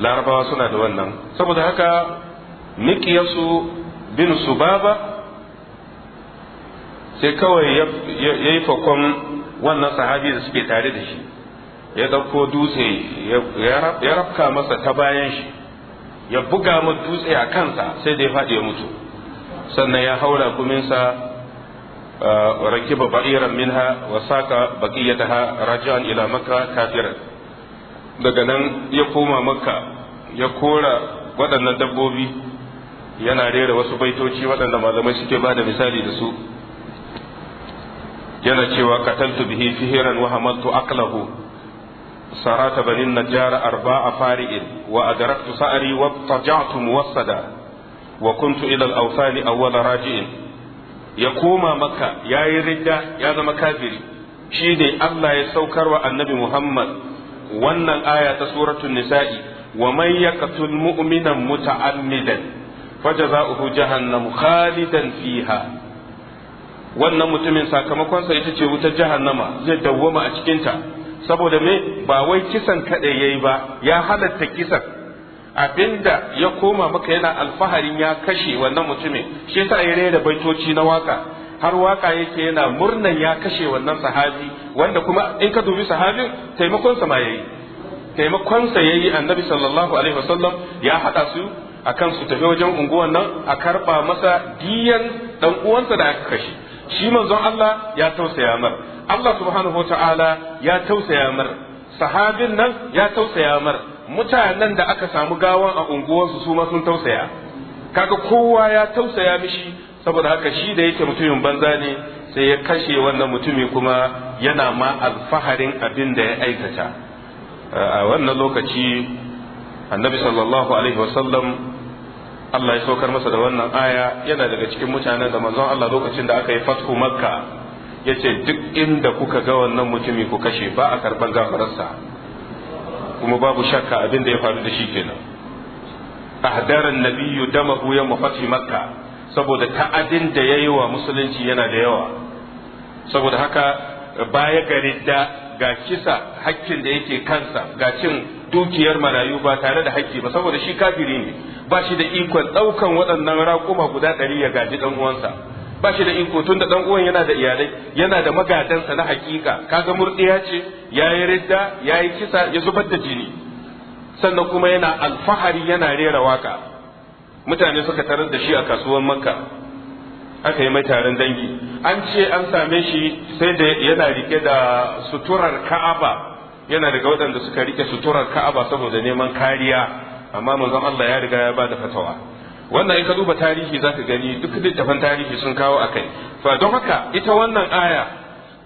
A: larabawa suna da wannan saboda haka nikiyasu bin su baba sai kawai ya yi fakon wannan sahabi da suke tare da shi ya ɗauko dutse ya rafka masa ta bayan shi ya buga mu dutse a kansa sai da ya faɗi ya mutu sannan ya haura kuminsa rakiba ba'iran minha wa saka baqiyataha raji'an ila makka kafiran daga nan ya koma ya kora waɗannan dabbobi yana rera wasu baitoci waɗanda malamai suke ba da misali da su yana cewa kataltu bihi fihiran wa hamaltu aqlahu sarata banin najjar arba'a fari'in wa adraktu sa'ri wa taja'tu muwassada wa kuntu ila al-awsani awwala raji'in ya koma maka ya yi ridda ya zama kafiri shi ne Allah ya saukar wa annabi Muhammad wannan aya ta suratul nisa'i wa man yaqtul mu'minan muta'ammidan fajaza'uhu jahannam khalidan fiha wannan mutumin sakamakonsa ita ce wutar jahannama zai dawwama a cikinta saboda me ba wai kisan kadai yayi ba ya halatta kisan abinda ya koma maka yana alfaharin ya kashe wannan mutumin shi yasa ya rera baitoci na waka har waka yake yana murnan ya kashe wannan sahabi wanda kuma in ka dubi sahabin taimakon sa ma yayi taimakon sa yayi annabi sallallahu alaihi wasallam ya hada su akan su tafi wajen unguwan nan a karba masa diyan dan uwansa da aka kashe shi manzon Allah ya tausaya mar Allah subhanahu wataala ya tausaya mar sahabin nan ya tausaya mar mutanen da aka samu gawan a unguwarsu su ma sun tausaya kaga kowa ya tausaya mishi saboda haka shi da yake mutumin banza ne sai ya kashe wannan mutumi kuma yana ma alfaharin abin da ya aikata a wannan lokaci annabi sallallahu alaihi wasallam Allah ya saukar masa da wannan aya yana daga cikin mutanen da manzon Allah lokacin da aka yi fathu makka yace duk inda kuka ga wannan mutumi ku kashe ba a karban gafararsa kuma babu shakka abin da ya faru da shi kenan ahdaran nabiyyu damahu yawm fathi makka saboda ta'adin da yayi wa musulunci yana da yawa saboda haka baya gari da ga kisa hakkin da yake kansa ga cin dukiyar marayu ba tare da hakki ba saboda shi kafiri ne ba shi da ikon ɗaukan waɗannan raƙuma guda ɗari ya gaji ɗan uwansa ba shi da iko tun da dan uwan yana da iyalai yana da magadansa na hakika kaga murdiya ce yayi ridda yayi kisa ya zubar da jini sannan kuma yana alfahari yana rera waka mutane suka tarar da shi a kasuwar makka aka yi mai taron dangi an ce an same shi sai da yana rike da suturar ka'aba yana daga waɗanda suka rike suturar ka'aba saboda neman kariya amma manzon Allah ya riga ya bada fatawa wannan in ka duba tarihi zaka gani duk littafan tarihi sun kawo akai fa don haka ita wannan aya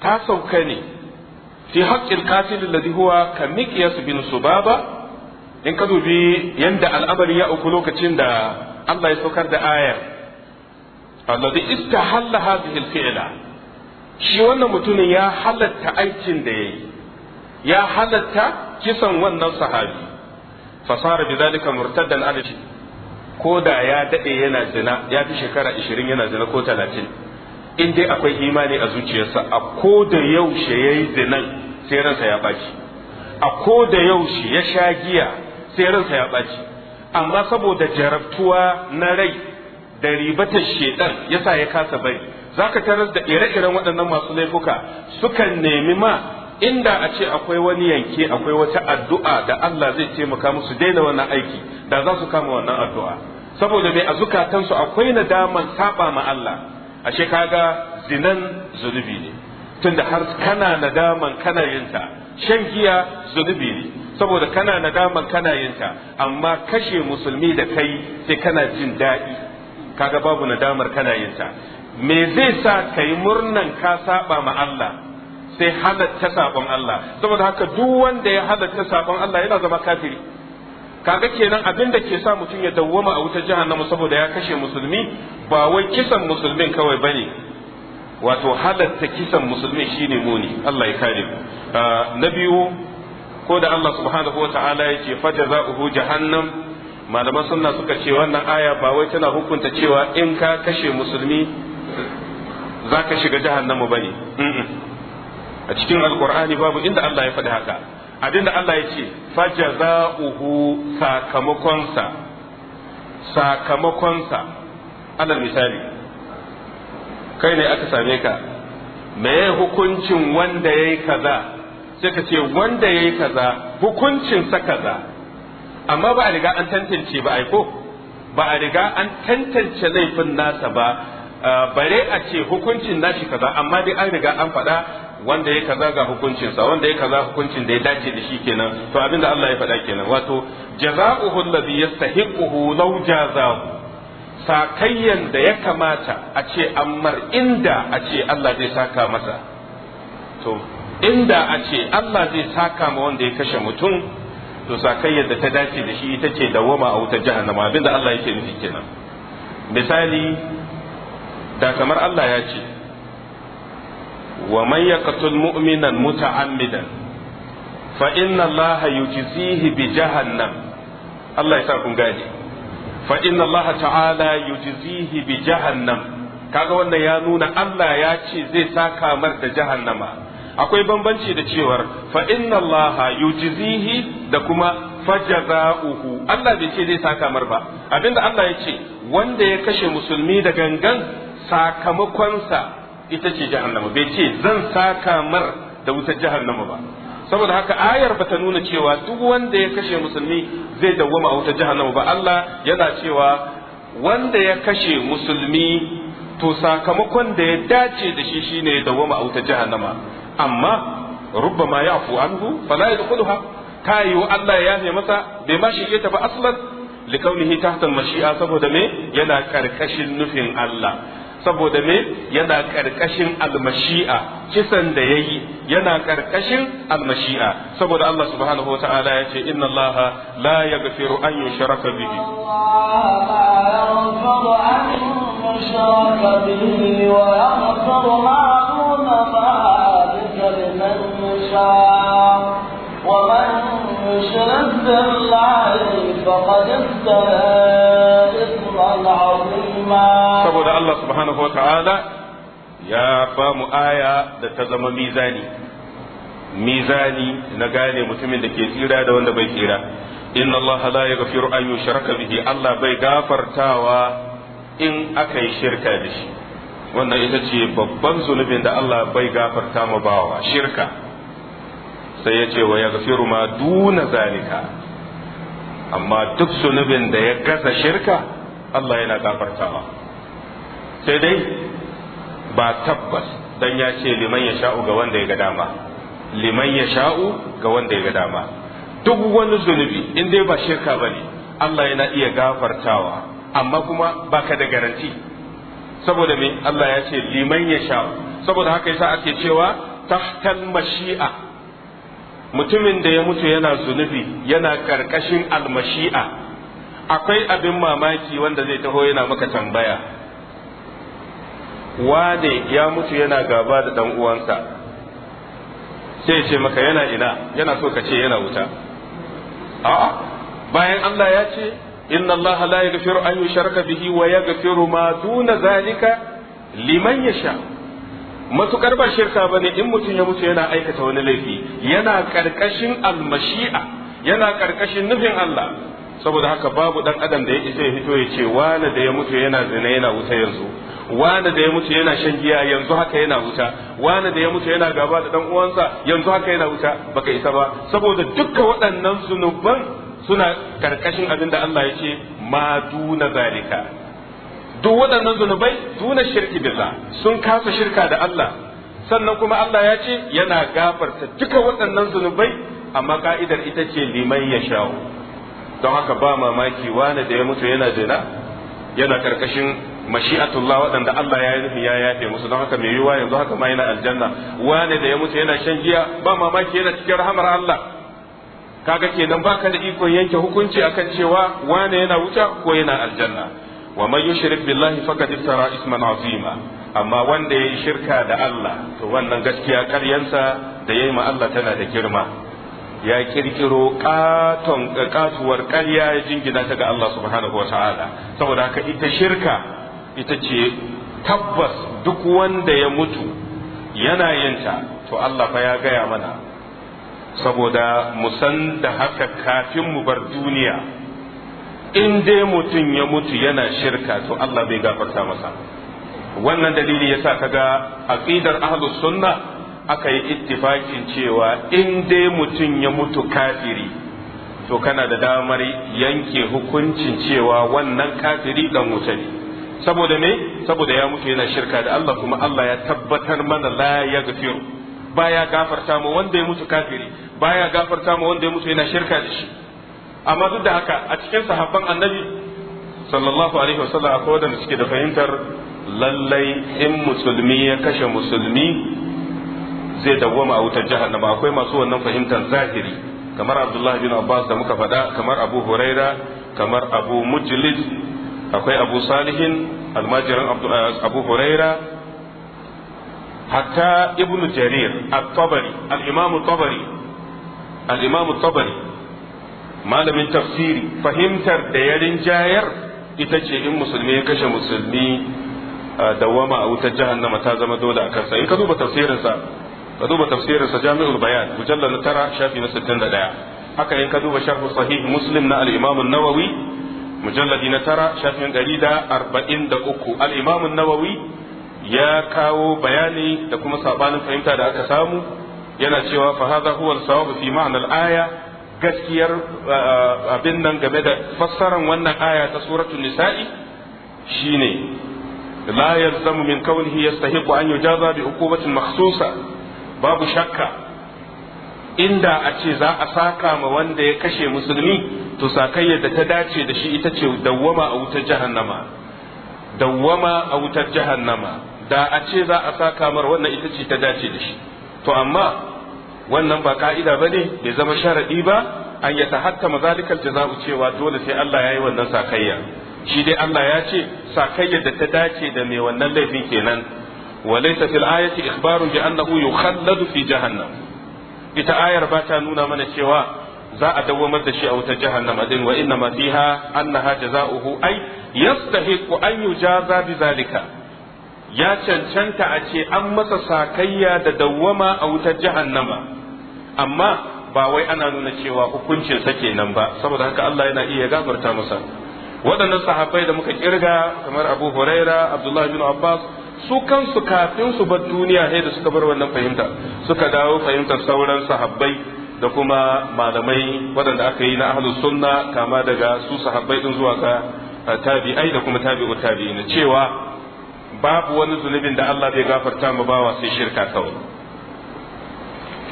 A: ta sauka ne fi haqqil qatil alladhi huwa kamiqyas bin baba in ka dubi yanda al'amari ya uku lokacin da Allah ya saukar da ayar alladhi istahalla hadhihi al shi wannan mutumin ya halatta aikin da yayi ya halatta kisan wannan sahabi fasara bi zalika murtaddan alaji ko da ya daɗe yana zina ya fi shekara ishirin yana zina ko talatin in dai akwai imani a zuciyarsa a ko da yaushe ya yi zinan sai ransa ya ɓaci a ko da yaushe ya sha giya sai ransa ya ɓaci amma saboda jarabtuwa na rai da ribatar shedan yasa ya kasa bari zaka tarar da ire-iren waɗannan masu laifuka sukan nemi ma inda a ce akwai wani yanke akwai wata addu'a da Allah zai taimaka musu daina wannan aiki da za su kama wannan addu'a saboda mai a zukatansu akwai nadaman saba ma Allah ashe kaga zinan zunubi ne tunda har kana nadaman kana yinta shan giya zunubi ne saboda kana nadaman kana yinta amma kashe musulmi da kai sai kana jin daɗi kaga babu nadamar kana yinta me zai sa kai murnan ka saba ma Allah sai halatta sabon Allah saboda haka duk wanda ya halatta sabon Allah yana zama kafiri kaga kenan abin da ke sa mutum ya dawwama a wutar jahannama saboda ya kashe musulmi ba wai kisan musulmin kawai bane wato halatta kisan musulmi shine muni Allah ya kare ah, na biyu ko da Allah subhanahu wataala ta'ala ya ce fajaza'uhu jahannam malaman sunna suka ce wannan aya ba wai tana hukunta cewa in ka kashe musulmi zaka ka shiga jahannama bane a cikin alkur'ani babu inda Allah ya faɗi haka abinda Allah ya ce uhu sakamakonsa sakamakonsa alal misali kai ne aka same ka Me hukuncin wanda yayi kaza sai ka ce wanda yayi kaza hukuncin sa kaza amma ba a riga an tantance ba ai ko ba a riga an tantance laifin nasa ba bare a ce hukuncin nashi kaza amma dai an riga an faɗa wanda ya kaza ga hukuncinsa wanda ya kaza hukuncin da ya dace da shi kenan to abinda Allah ya faɗa kenan wato jaza'uhu alladhi yastahiquhu law jazahu sakayyan da ya kamata a ce ammar inda a ce Allah zai saka masa to inda a ce Allah zai saka ma wanda ya kashe mutum to sakayyar da ta dace da shi ita ce dawwama a wutar jahannama abinda Allah yake nufi kenan misali da kamar Allah ya ce wa man yaqtul mu'minan muta'ammidan fa inna allaha yujzihi bi jahannam Allah ya sa kun gane fa inna allaha ta'ala yujzihi bi jahannam kaga wannan ya nuna Allah ya ce zai saka mar da jahannama akwai bambanci da cewar fa inna allaha yujzihi da kuma fajaza'uhu Allah bai ce zai saka mar ba abinda Allah ya ce wanda ya kashe musulmi da gangan sakamakonsa ita ce jahannama bai ce zan saka mar da wutar jahannama ba saboda haka ayar ta nuna cewa duk wanda ya kashe musulmi zai dawwama a wutar jahannama ba Allah yana cewa wanda ya kashe musulmi to sakamakon da ya dace da shi shine ya dawwama a wutar jahannama amma rubbama ya'fu anhu fala yadkhuluha ta wa Allah ya yafe masa bai ma shige ta ba aslan likaunihi tahta mashi'a saboda me yana karkashin nufin Allah saboda me yana ƙarƙashin almashi'a kisan da yayi yana ƙarƙashin almashi'a saboda Allah subhanahu wata'ala ya ce inna Allah la yaghfiru an yushraka bihi
B: ومن يشرك فقد افترى اثما عظيما saboda
A: Allah subhanahu ya ba mu aya da ta zama mizani mizani na gane mutumin da ke tsira da wanda bai tsira inna Allah la yaghfiru an yushraka bihi Allah bai gafartawa in aka yi shirka da shi wannan ita ce babban zunubin da Allah bai gafarta ma bawa shirka sai ya ce wa yaghfiru ma duna zalika amma duk zunubin da ya gasa shirka Allah yana gafartawa sai dai ba tabbas dan ya ce liman ya sha'u ga wanda ya ga dama liman ya sha'u ga wanda ya ga dama duk wani zunubi in dai ba shirka bane Allah yana iya gafartawa amma kuma baka da garanti saboda me Allah ya ce liman ya sha'u saboda haka yasa ake cewa tahtal mashi'a mutumin da ya mutu yana zunubi yana karkashin almashi'a akwai abin mamaki wanda zai taho yana maka tambaya wane ya mutu yana gaba da dan uwansa sai ce maka yana ina yana so ka ce yana wuta a'a bayan Allah ya ce inna Allah la yaghfiru an yushraka bihi wa yaghfiru ma duna zalika liman yasha matukar ba shirka bane in mutum ya mutu yana aikata wani laifi yana karkashin almashi'a yana karkashin nufin Allah saboda haka babu dan adam da ya isa ya fito ya ce wani da ya mutu yana zina yana wuta yanzu wani da ya mutu yana shan giya yanzu haka yana wuta wani da ya mutu yana gaba da dan uwansa yanzu haka yana wuta baka isa ba saboda dukkan waɗannan zunuban suna karkashin abin da Allah ya ce ma duna zalika duk waɗannan zunubai duna shirki billah sun kasa shirka da Allah sannan kuma Allah ya ce yana gafarta duka waɗannan zunubai amma ka'idar ita ce liman ya shawo. don haka ba mamaki wani da ya mutu yana zina yana karkashin mashi'atullah waɗanda Allah ya nufi ya yafe musu don haka mai yiwuwa yanzu haka ma yana aljanna wani da ya mutu yana shan giya ba mamaki yana cikin rahamar Allah kaga kenan baka da ikon yanke hukunci akan cewa wani yana wuta ko yana aljanna wa man yushrik billahi faqad iftara isman azima amma wanda ya yi shirka da Allah to wannan gaskiya karyansa da yayi ma Allah tana da girma ya kirkiro katon eh, katuwar ƙarya ya jingina ta ga Allah subhanahu wa ta'ala saboda haka ita shirka ita ce tabbas duk wanda ya mutu yana yinta to Allah fa ya gaya mana saboda mu san da haka kafin mu bar duniya in dai mutum ya mutu yana shirka to Allah bai gafarta masa wannan dalili yasa kaga aqidar ahlus sunna aka yi ittifakin cewa in dai mutum ya mutu kafiri to kana da damar yanke hukuncin cewa wannan kafiri dan wuta ne saboda me saboda ya mutu yana shirka da Allah kuma Allah ya tabbatar mana la gafiru baya gafarta mu wanda ya mutu kafiri baya gafarta mu wanda ya mutu yana shirka da shi amma duk da haka a cikin sahabban annabi sallallahu alaihi wasallam akwai wanda suke da fahimtar lallai in musulmi ya kashe musulmi zai dawwama a wutar jahannama akwai masu wannan fahimtar zahiri kamar abdullahi bin abbas da muka faɗa kamar abu huraira kamar abu Mujlis akwai abu salihin almajirin eh, abu huraira hatta ibnu jarir at-tabari al-imam tabari al imam tabari al tabari malamin tafsiri fahimtar da ya rinjayar ita ce in musulmi ya kashe musulmi eh, dawama a wutar jahannama ta zama dole a kansa in ka duba tafsirinsa ka duba tafsirin sa jami'ul bayan Mujalla na tara shafi na ɗaya. haka yanka ka duba sharh sahih muslim na al nawawi mujalladi na tara shafin arba'in da uku. an-nawawi ya kawo bayani da kuma sabanin fahimta da aka samu yana cewa fa hadha huwa sawab fi aya gaskiyar ah, abin nan game da fassaran wannan aya ta suratul nisa'i shine la yalzamu min kawnihi yastahiqu an yujaza bi uqubatin makhsusa babu shakka inda a ce za a saka ma wanda ya kashe musulmi to sakayyar da ta dace da shi ita ce dawwama a wutar jahannama dawwama a wutar jahannama da a ce za a saka mar wannan ita ce ta dace da shi to amma wannan ba ka'ida bane bai zama sharadi ba an ya tahattama zalikal jaza'u cewa dole sai Allah yayi wannan sakayya shi dai Allah ya ce sakayyar da ta dace da mai wannan laifin kenan وليس في ikbarun إخبار بأنه يخلد في جهنم إذا آية باتا نونا من الشواء za a dawamar da shi a wutar jahannama din wa masiha ma fiha annaha jazaohu ay yastahiqu an yujaza bi ya cancanta a ce an masa sakayya da dawwama a wutar jahannama amma ba wai ana nuna cewa hukuncin sa kenan ba saboda haka Allah yana iya gafarta masa waɗannan sahabai da muka kirga kamar Abu Huraira Abdullah bin Abbas su kansu kafin su bar duniya ne da suka bar wannan fahimta suka dawo fahimtar sauran sahabbai da kuma malamai waɗanda aka yi na ahlus sunna kama daga su sahabbai din zuwa ga tabi'ai da kuma tabi'u tabi'in cewa babu wani zunubin da Allah zai gafarta ma bawa sai shirka kawai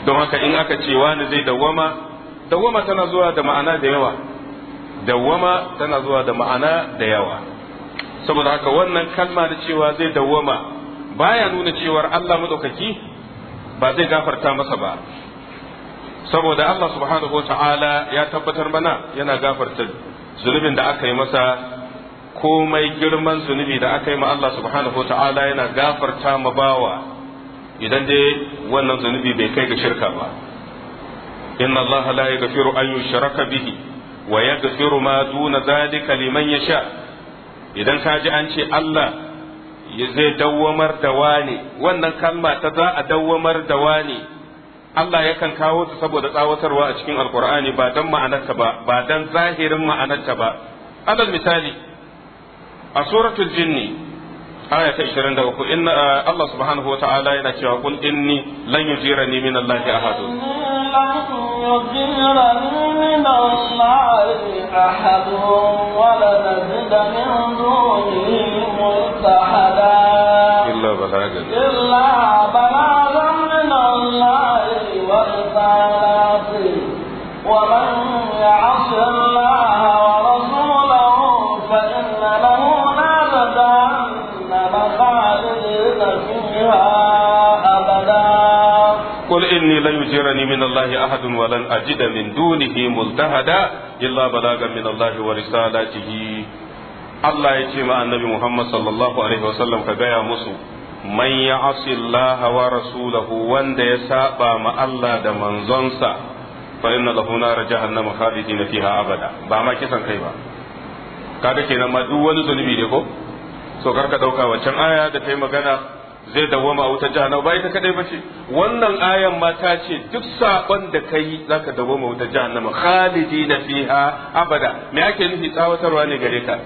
A: don haka in aka ce wani zai dawwama dawwama tana zuwa da ma'ana da yawa dawwama tana zuwa da ma'ana da yawa saboda haka wannan kalma da cewa zai dawwama baya nuna cewar Allah madaukaki ba zai gafarta masa ba saboda Allah subhanahu wa ta'ala ya tabbatar mana yana gafarta zunubin da aka yi masa komai girman zunubi da aka yi ma Allah subhanahu wa ta'ala yana gafarta ma bawa idan dai wannan zunubi bai kai ga shirka ba inna Allah la yaghfiru an yushraka bihi wa yaghfiru ma duna dhalika liman yasha' idan ka ji an ce Allah zai dawwamar da wani wannan kalma ta za a dawwamar da wani Allah yakan kawo ta saboda tsawatarwa a cikin alkur'ani ba don ma'anarta ba ba don zahirin ma'anarta ba alal misali a suratul jinni aya ta 23 inna Allah subhanahu wata'ala yana cewa kul inni lan yujirani min Allah
B: ahad إلا بلاغا إلا بلاغا من الله ورسالاته ومن يعصر
A: يعصمني من الله أحد ولن أجد من دونه ملتهدا إلا بلاغا من الله ورسالته الله يتيما النبي محمد صلى الله عليه وسلم كبيا مسو من يعص الله ورسوله وان يسابا ما الله دا منزنسا فإن له نار جهنم خالدين فيها أبدا بما كسان كيبا kaga kenan ma duk wani zunubi ne ko so karka dauka wancan aya da ta yi magana zai dawwama a wutar jahannama ba ita kadai bace wannan ayan ma ta ce duk sakon da kai zaka dawwama wutar jahannama khalidina fiha abada me ake nufi tsawatarwa ne gare ka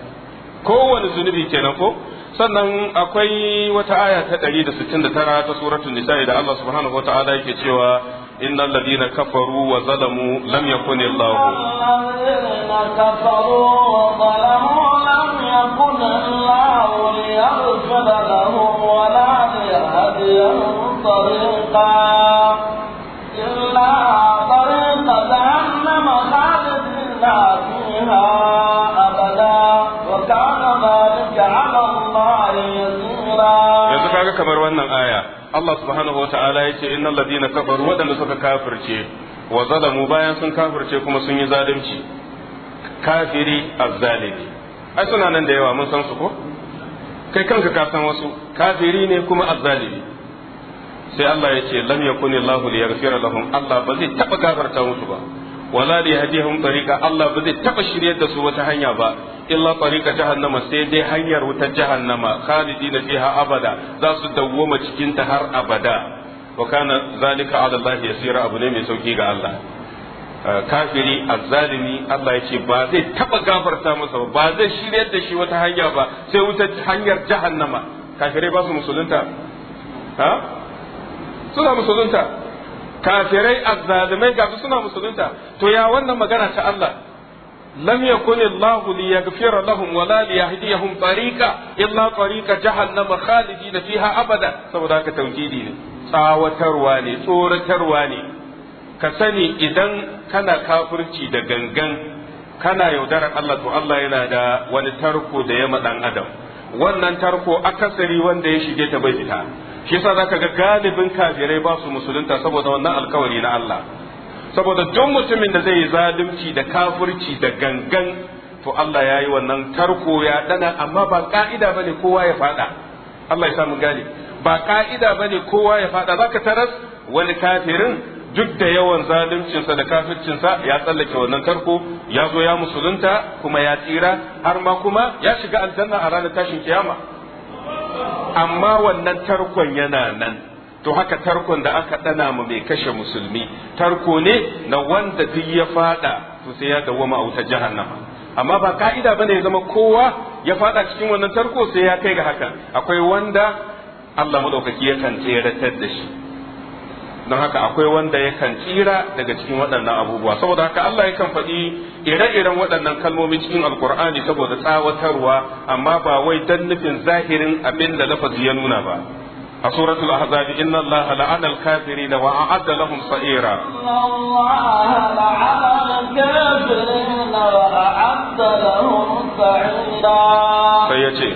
A: kowane zunubi kenan ko sannan akwai wata aya ta 169 ta suratul nisa da Allah subhanahu wataala yake cewa innal ladina kafaru wa zalamu lam yakunillahu
B: lam yakunillahu طريقا إلا طريق جهنم خالدنا فيها أبدا وكان ذلك على الله يسيرا yanzu kaga
A: kamar wannan aya Allah subhanahu wataala yace ya ce innal ladina kafaru wadanda suka kafirce wa zalamu bayan sun kafirce kuma sun yi zalunci kafiri azzalimi ai suna nan da yawa mun san su ko kai kanka ka san wasu kafiri ne kuma azzalimi sai Allah ya ce lam yakuni Allahu liyaghfira lahum Allah ba zai taba gafarta musu ba wala li yahdihum tariqa Allah ba zai taba shiryar da su wata hanya ba illa tariqa jahannama sai dai hanyar wutar jahannama khalidina fiha abada za su dawwama cikin ta har abada wa kana zalika ala Allah yasira abu ne mai sauki ga Allah ah, kafiri azzalimi Allah ya ce ba zai taba gafarta masa ba ba zai shiryar da shi wata hanya ba sai wuta hanyar jahannama kafirai ba su musulunta ha suna musulunta kafirai azzalimai ga suna musulunta to ya wannan magana ta Allah lam yakun Allah li yaghfira lahum wa la li yahdiyahum tariqa illa tariqa jahannam khalidina fiha abada saboda haka tauhidi ne tsawatarwa ne tsoratarwa ne ka sani idan kana kafirci da gangan kana yaudarar Allah to Allah yana da wani tarko da ya dan adam wannan tarko akasari wanda ya shige ta bai fita shi yasa zaka ga galibin kafirai ba su musulunta saboda wannan alkawari na Allah saboda duk mutumin da zai yi zalunci da kafirci da gangan to Allah ya yi wannan tarko ya dana amma ba ka'ida bane kowa ya fada Allah ya samu gane ba ka'ida bane kowa ya fada zaka taras wani kafirin duk da yawan zaluncinsa da kafircinsa ya tsallake wannan tarko ya zo ya musulunta kuma ya tsira har ma kuma ya shiga aljanna a ranar tashin kiyama amma wannan tarkon yana nan to haka tarkon da aka dana mu mai kashe musulmi tarko ne na wanda duk ya fada to sai ya dawwama a wuta jahannama amma ba ka'ida bane ya zama kowa ya fada cikin wannan tarko sai ya kai ga haka akwai wanda Allah madaukaki yakan tseratar da shi don haka akwai wanda yakan tsira daga cikin waɗannan abubuwa saboda haka Allah yakan faɗi ire-iren waɗannan kalmomi cikin alkur'ani saboda tsawatarwa amma ba wai dan nufin zahirin abin da lafazi ya nuna ba a suratul ahzab inna allaha la'ana al-kafirin wa a'adda lahum sa'ira
B: sai yace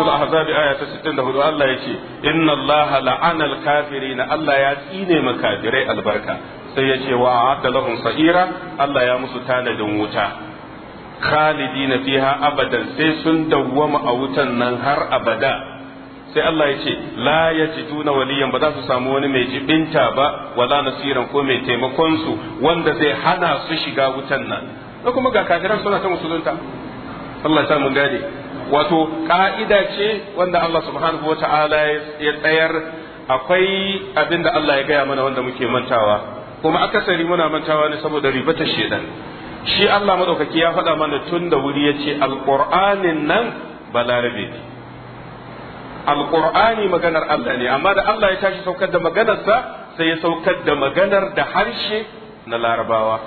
B: suratul
A: ahzab aya ta 64 Allah yace inna allaha la'ana al-kafirin Allah ya tsine ma kafirai albarka sai yace wa a'adda lahum sa'ira Allah ya musu tanadin wuta khalidina fiha abadan sai sun dawwama a wutan nan har abada sai Allah yace la yajiduna waliyan ba za su samu wani mai jibinta ba wala nasiran ko mai taimakon su wanda zai hana su shiga wutan nan kuma ga kafiran suna ta musulunta Allah ya sa mu gane wato ka'ida ce wanda Allah subhanahu wa ta'ala ya tsayar akwai abin da Allah ya gaya mana wanda muke mantawa kuma akasari muna mantawa ne saboda ribatar shedan shi Allah madaukaki ya faɗa mana tun da wuri ya ce alƙur'anin nan balarabe ne alƙur'ani maganar Allah ne amma da Allah ya tashi saukar da maganarsa sai ya saukar da maganar da harshe na larabawa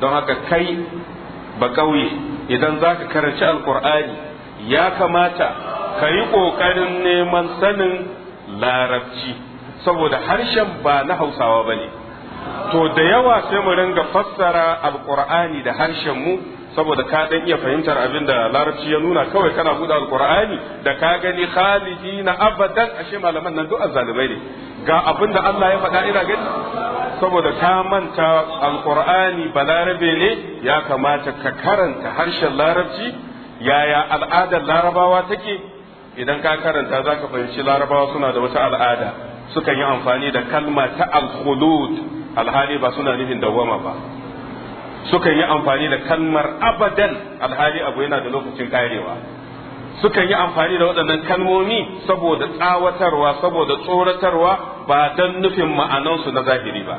A: don haka kai ba ƙauye idan za ka karanci alƙur'ani ya kamata ka yi ƙoƙarin neman sanin larabci saboda harshen ba na hausawa ba ne to da yawa sai mu ringa fassara alƙur'ani da harshen mu saboda ka dan iya fahimtar abin da larabci ya nuna kawai kana buɗe alkur'ani da ka gani khalidi na abadan ashe malaman nan duk azalibai ne ga abin da Allah ya faɗa ina gani saboda ka manta alƙur'ani larabe ne ya kamata ka karanta harshen larabci yaya al'adar larabawa take idan ka karanta za ka fahimci larabawa suna da wata al'ada sukan yi amfani da kalma ta al-khulud alhali ba suna nufin dawwama ba sukan yi amfani da kalmar abadan alhali abu yana da lokacin karewa sukan yi amfani da waɗannan kalmomi saboda tsawatarwa saboda tsoratarwa ba don nufin ma'anansu na zahiri ba